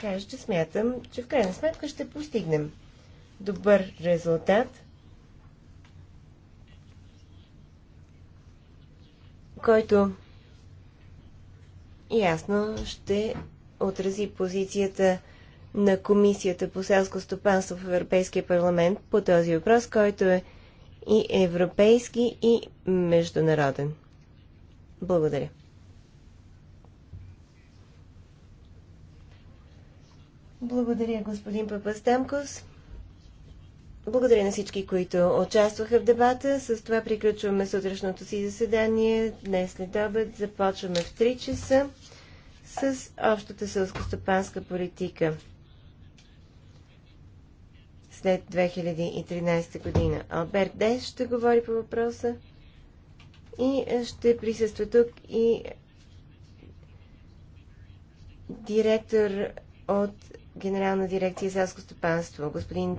B: кажа, че смятам, че в крайна сметка ще постигнем добър резултат – който ясно ще отрази позицията на Комисията по селско стопанство в Европейския парламент по този въпрос, който е и европейски, и международен. Благодаря. Благодаря, господин Папастамкос. Благодаря на всички, които участваха в дебата. С това приключваме сутрешното си заседание. Днес след обед започваме в 3 часа с общата сълскостопанска политика след 2013 година. Алберт Дес ще говори по въпроса и ще присъства тук и директор от Генерална дирекция селско стопанство, господин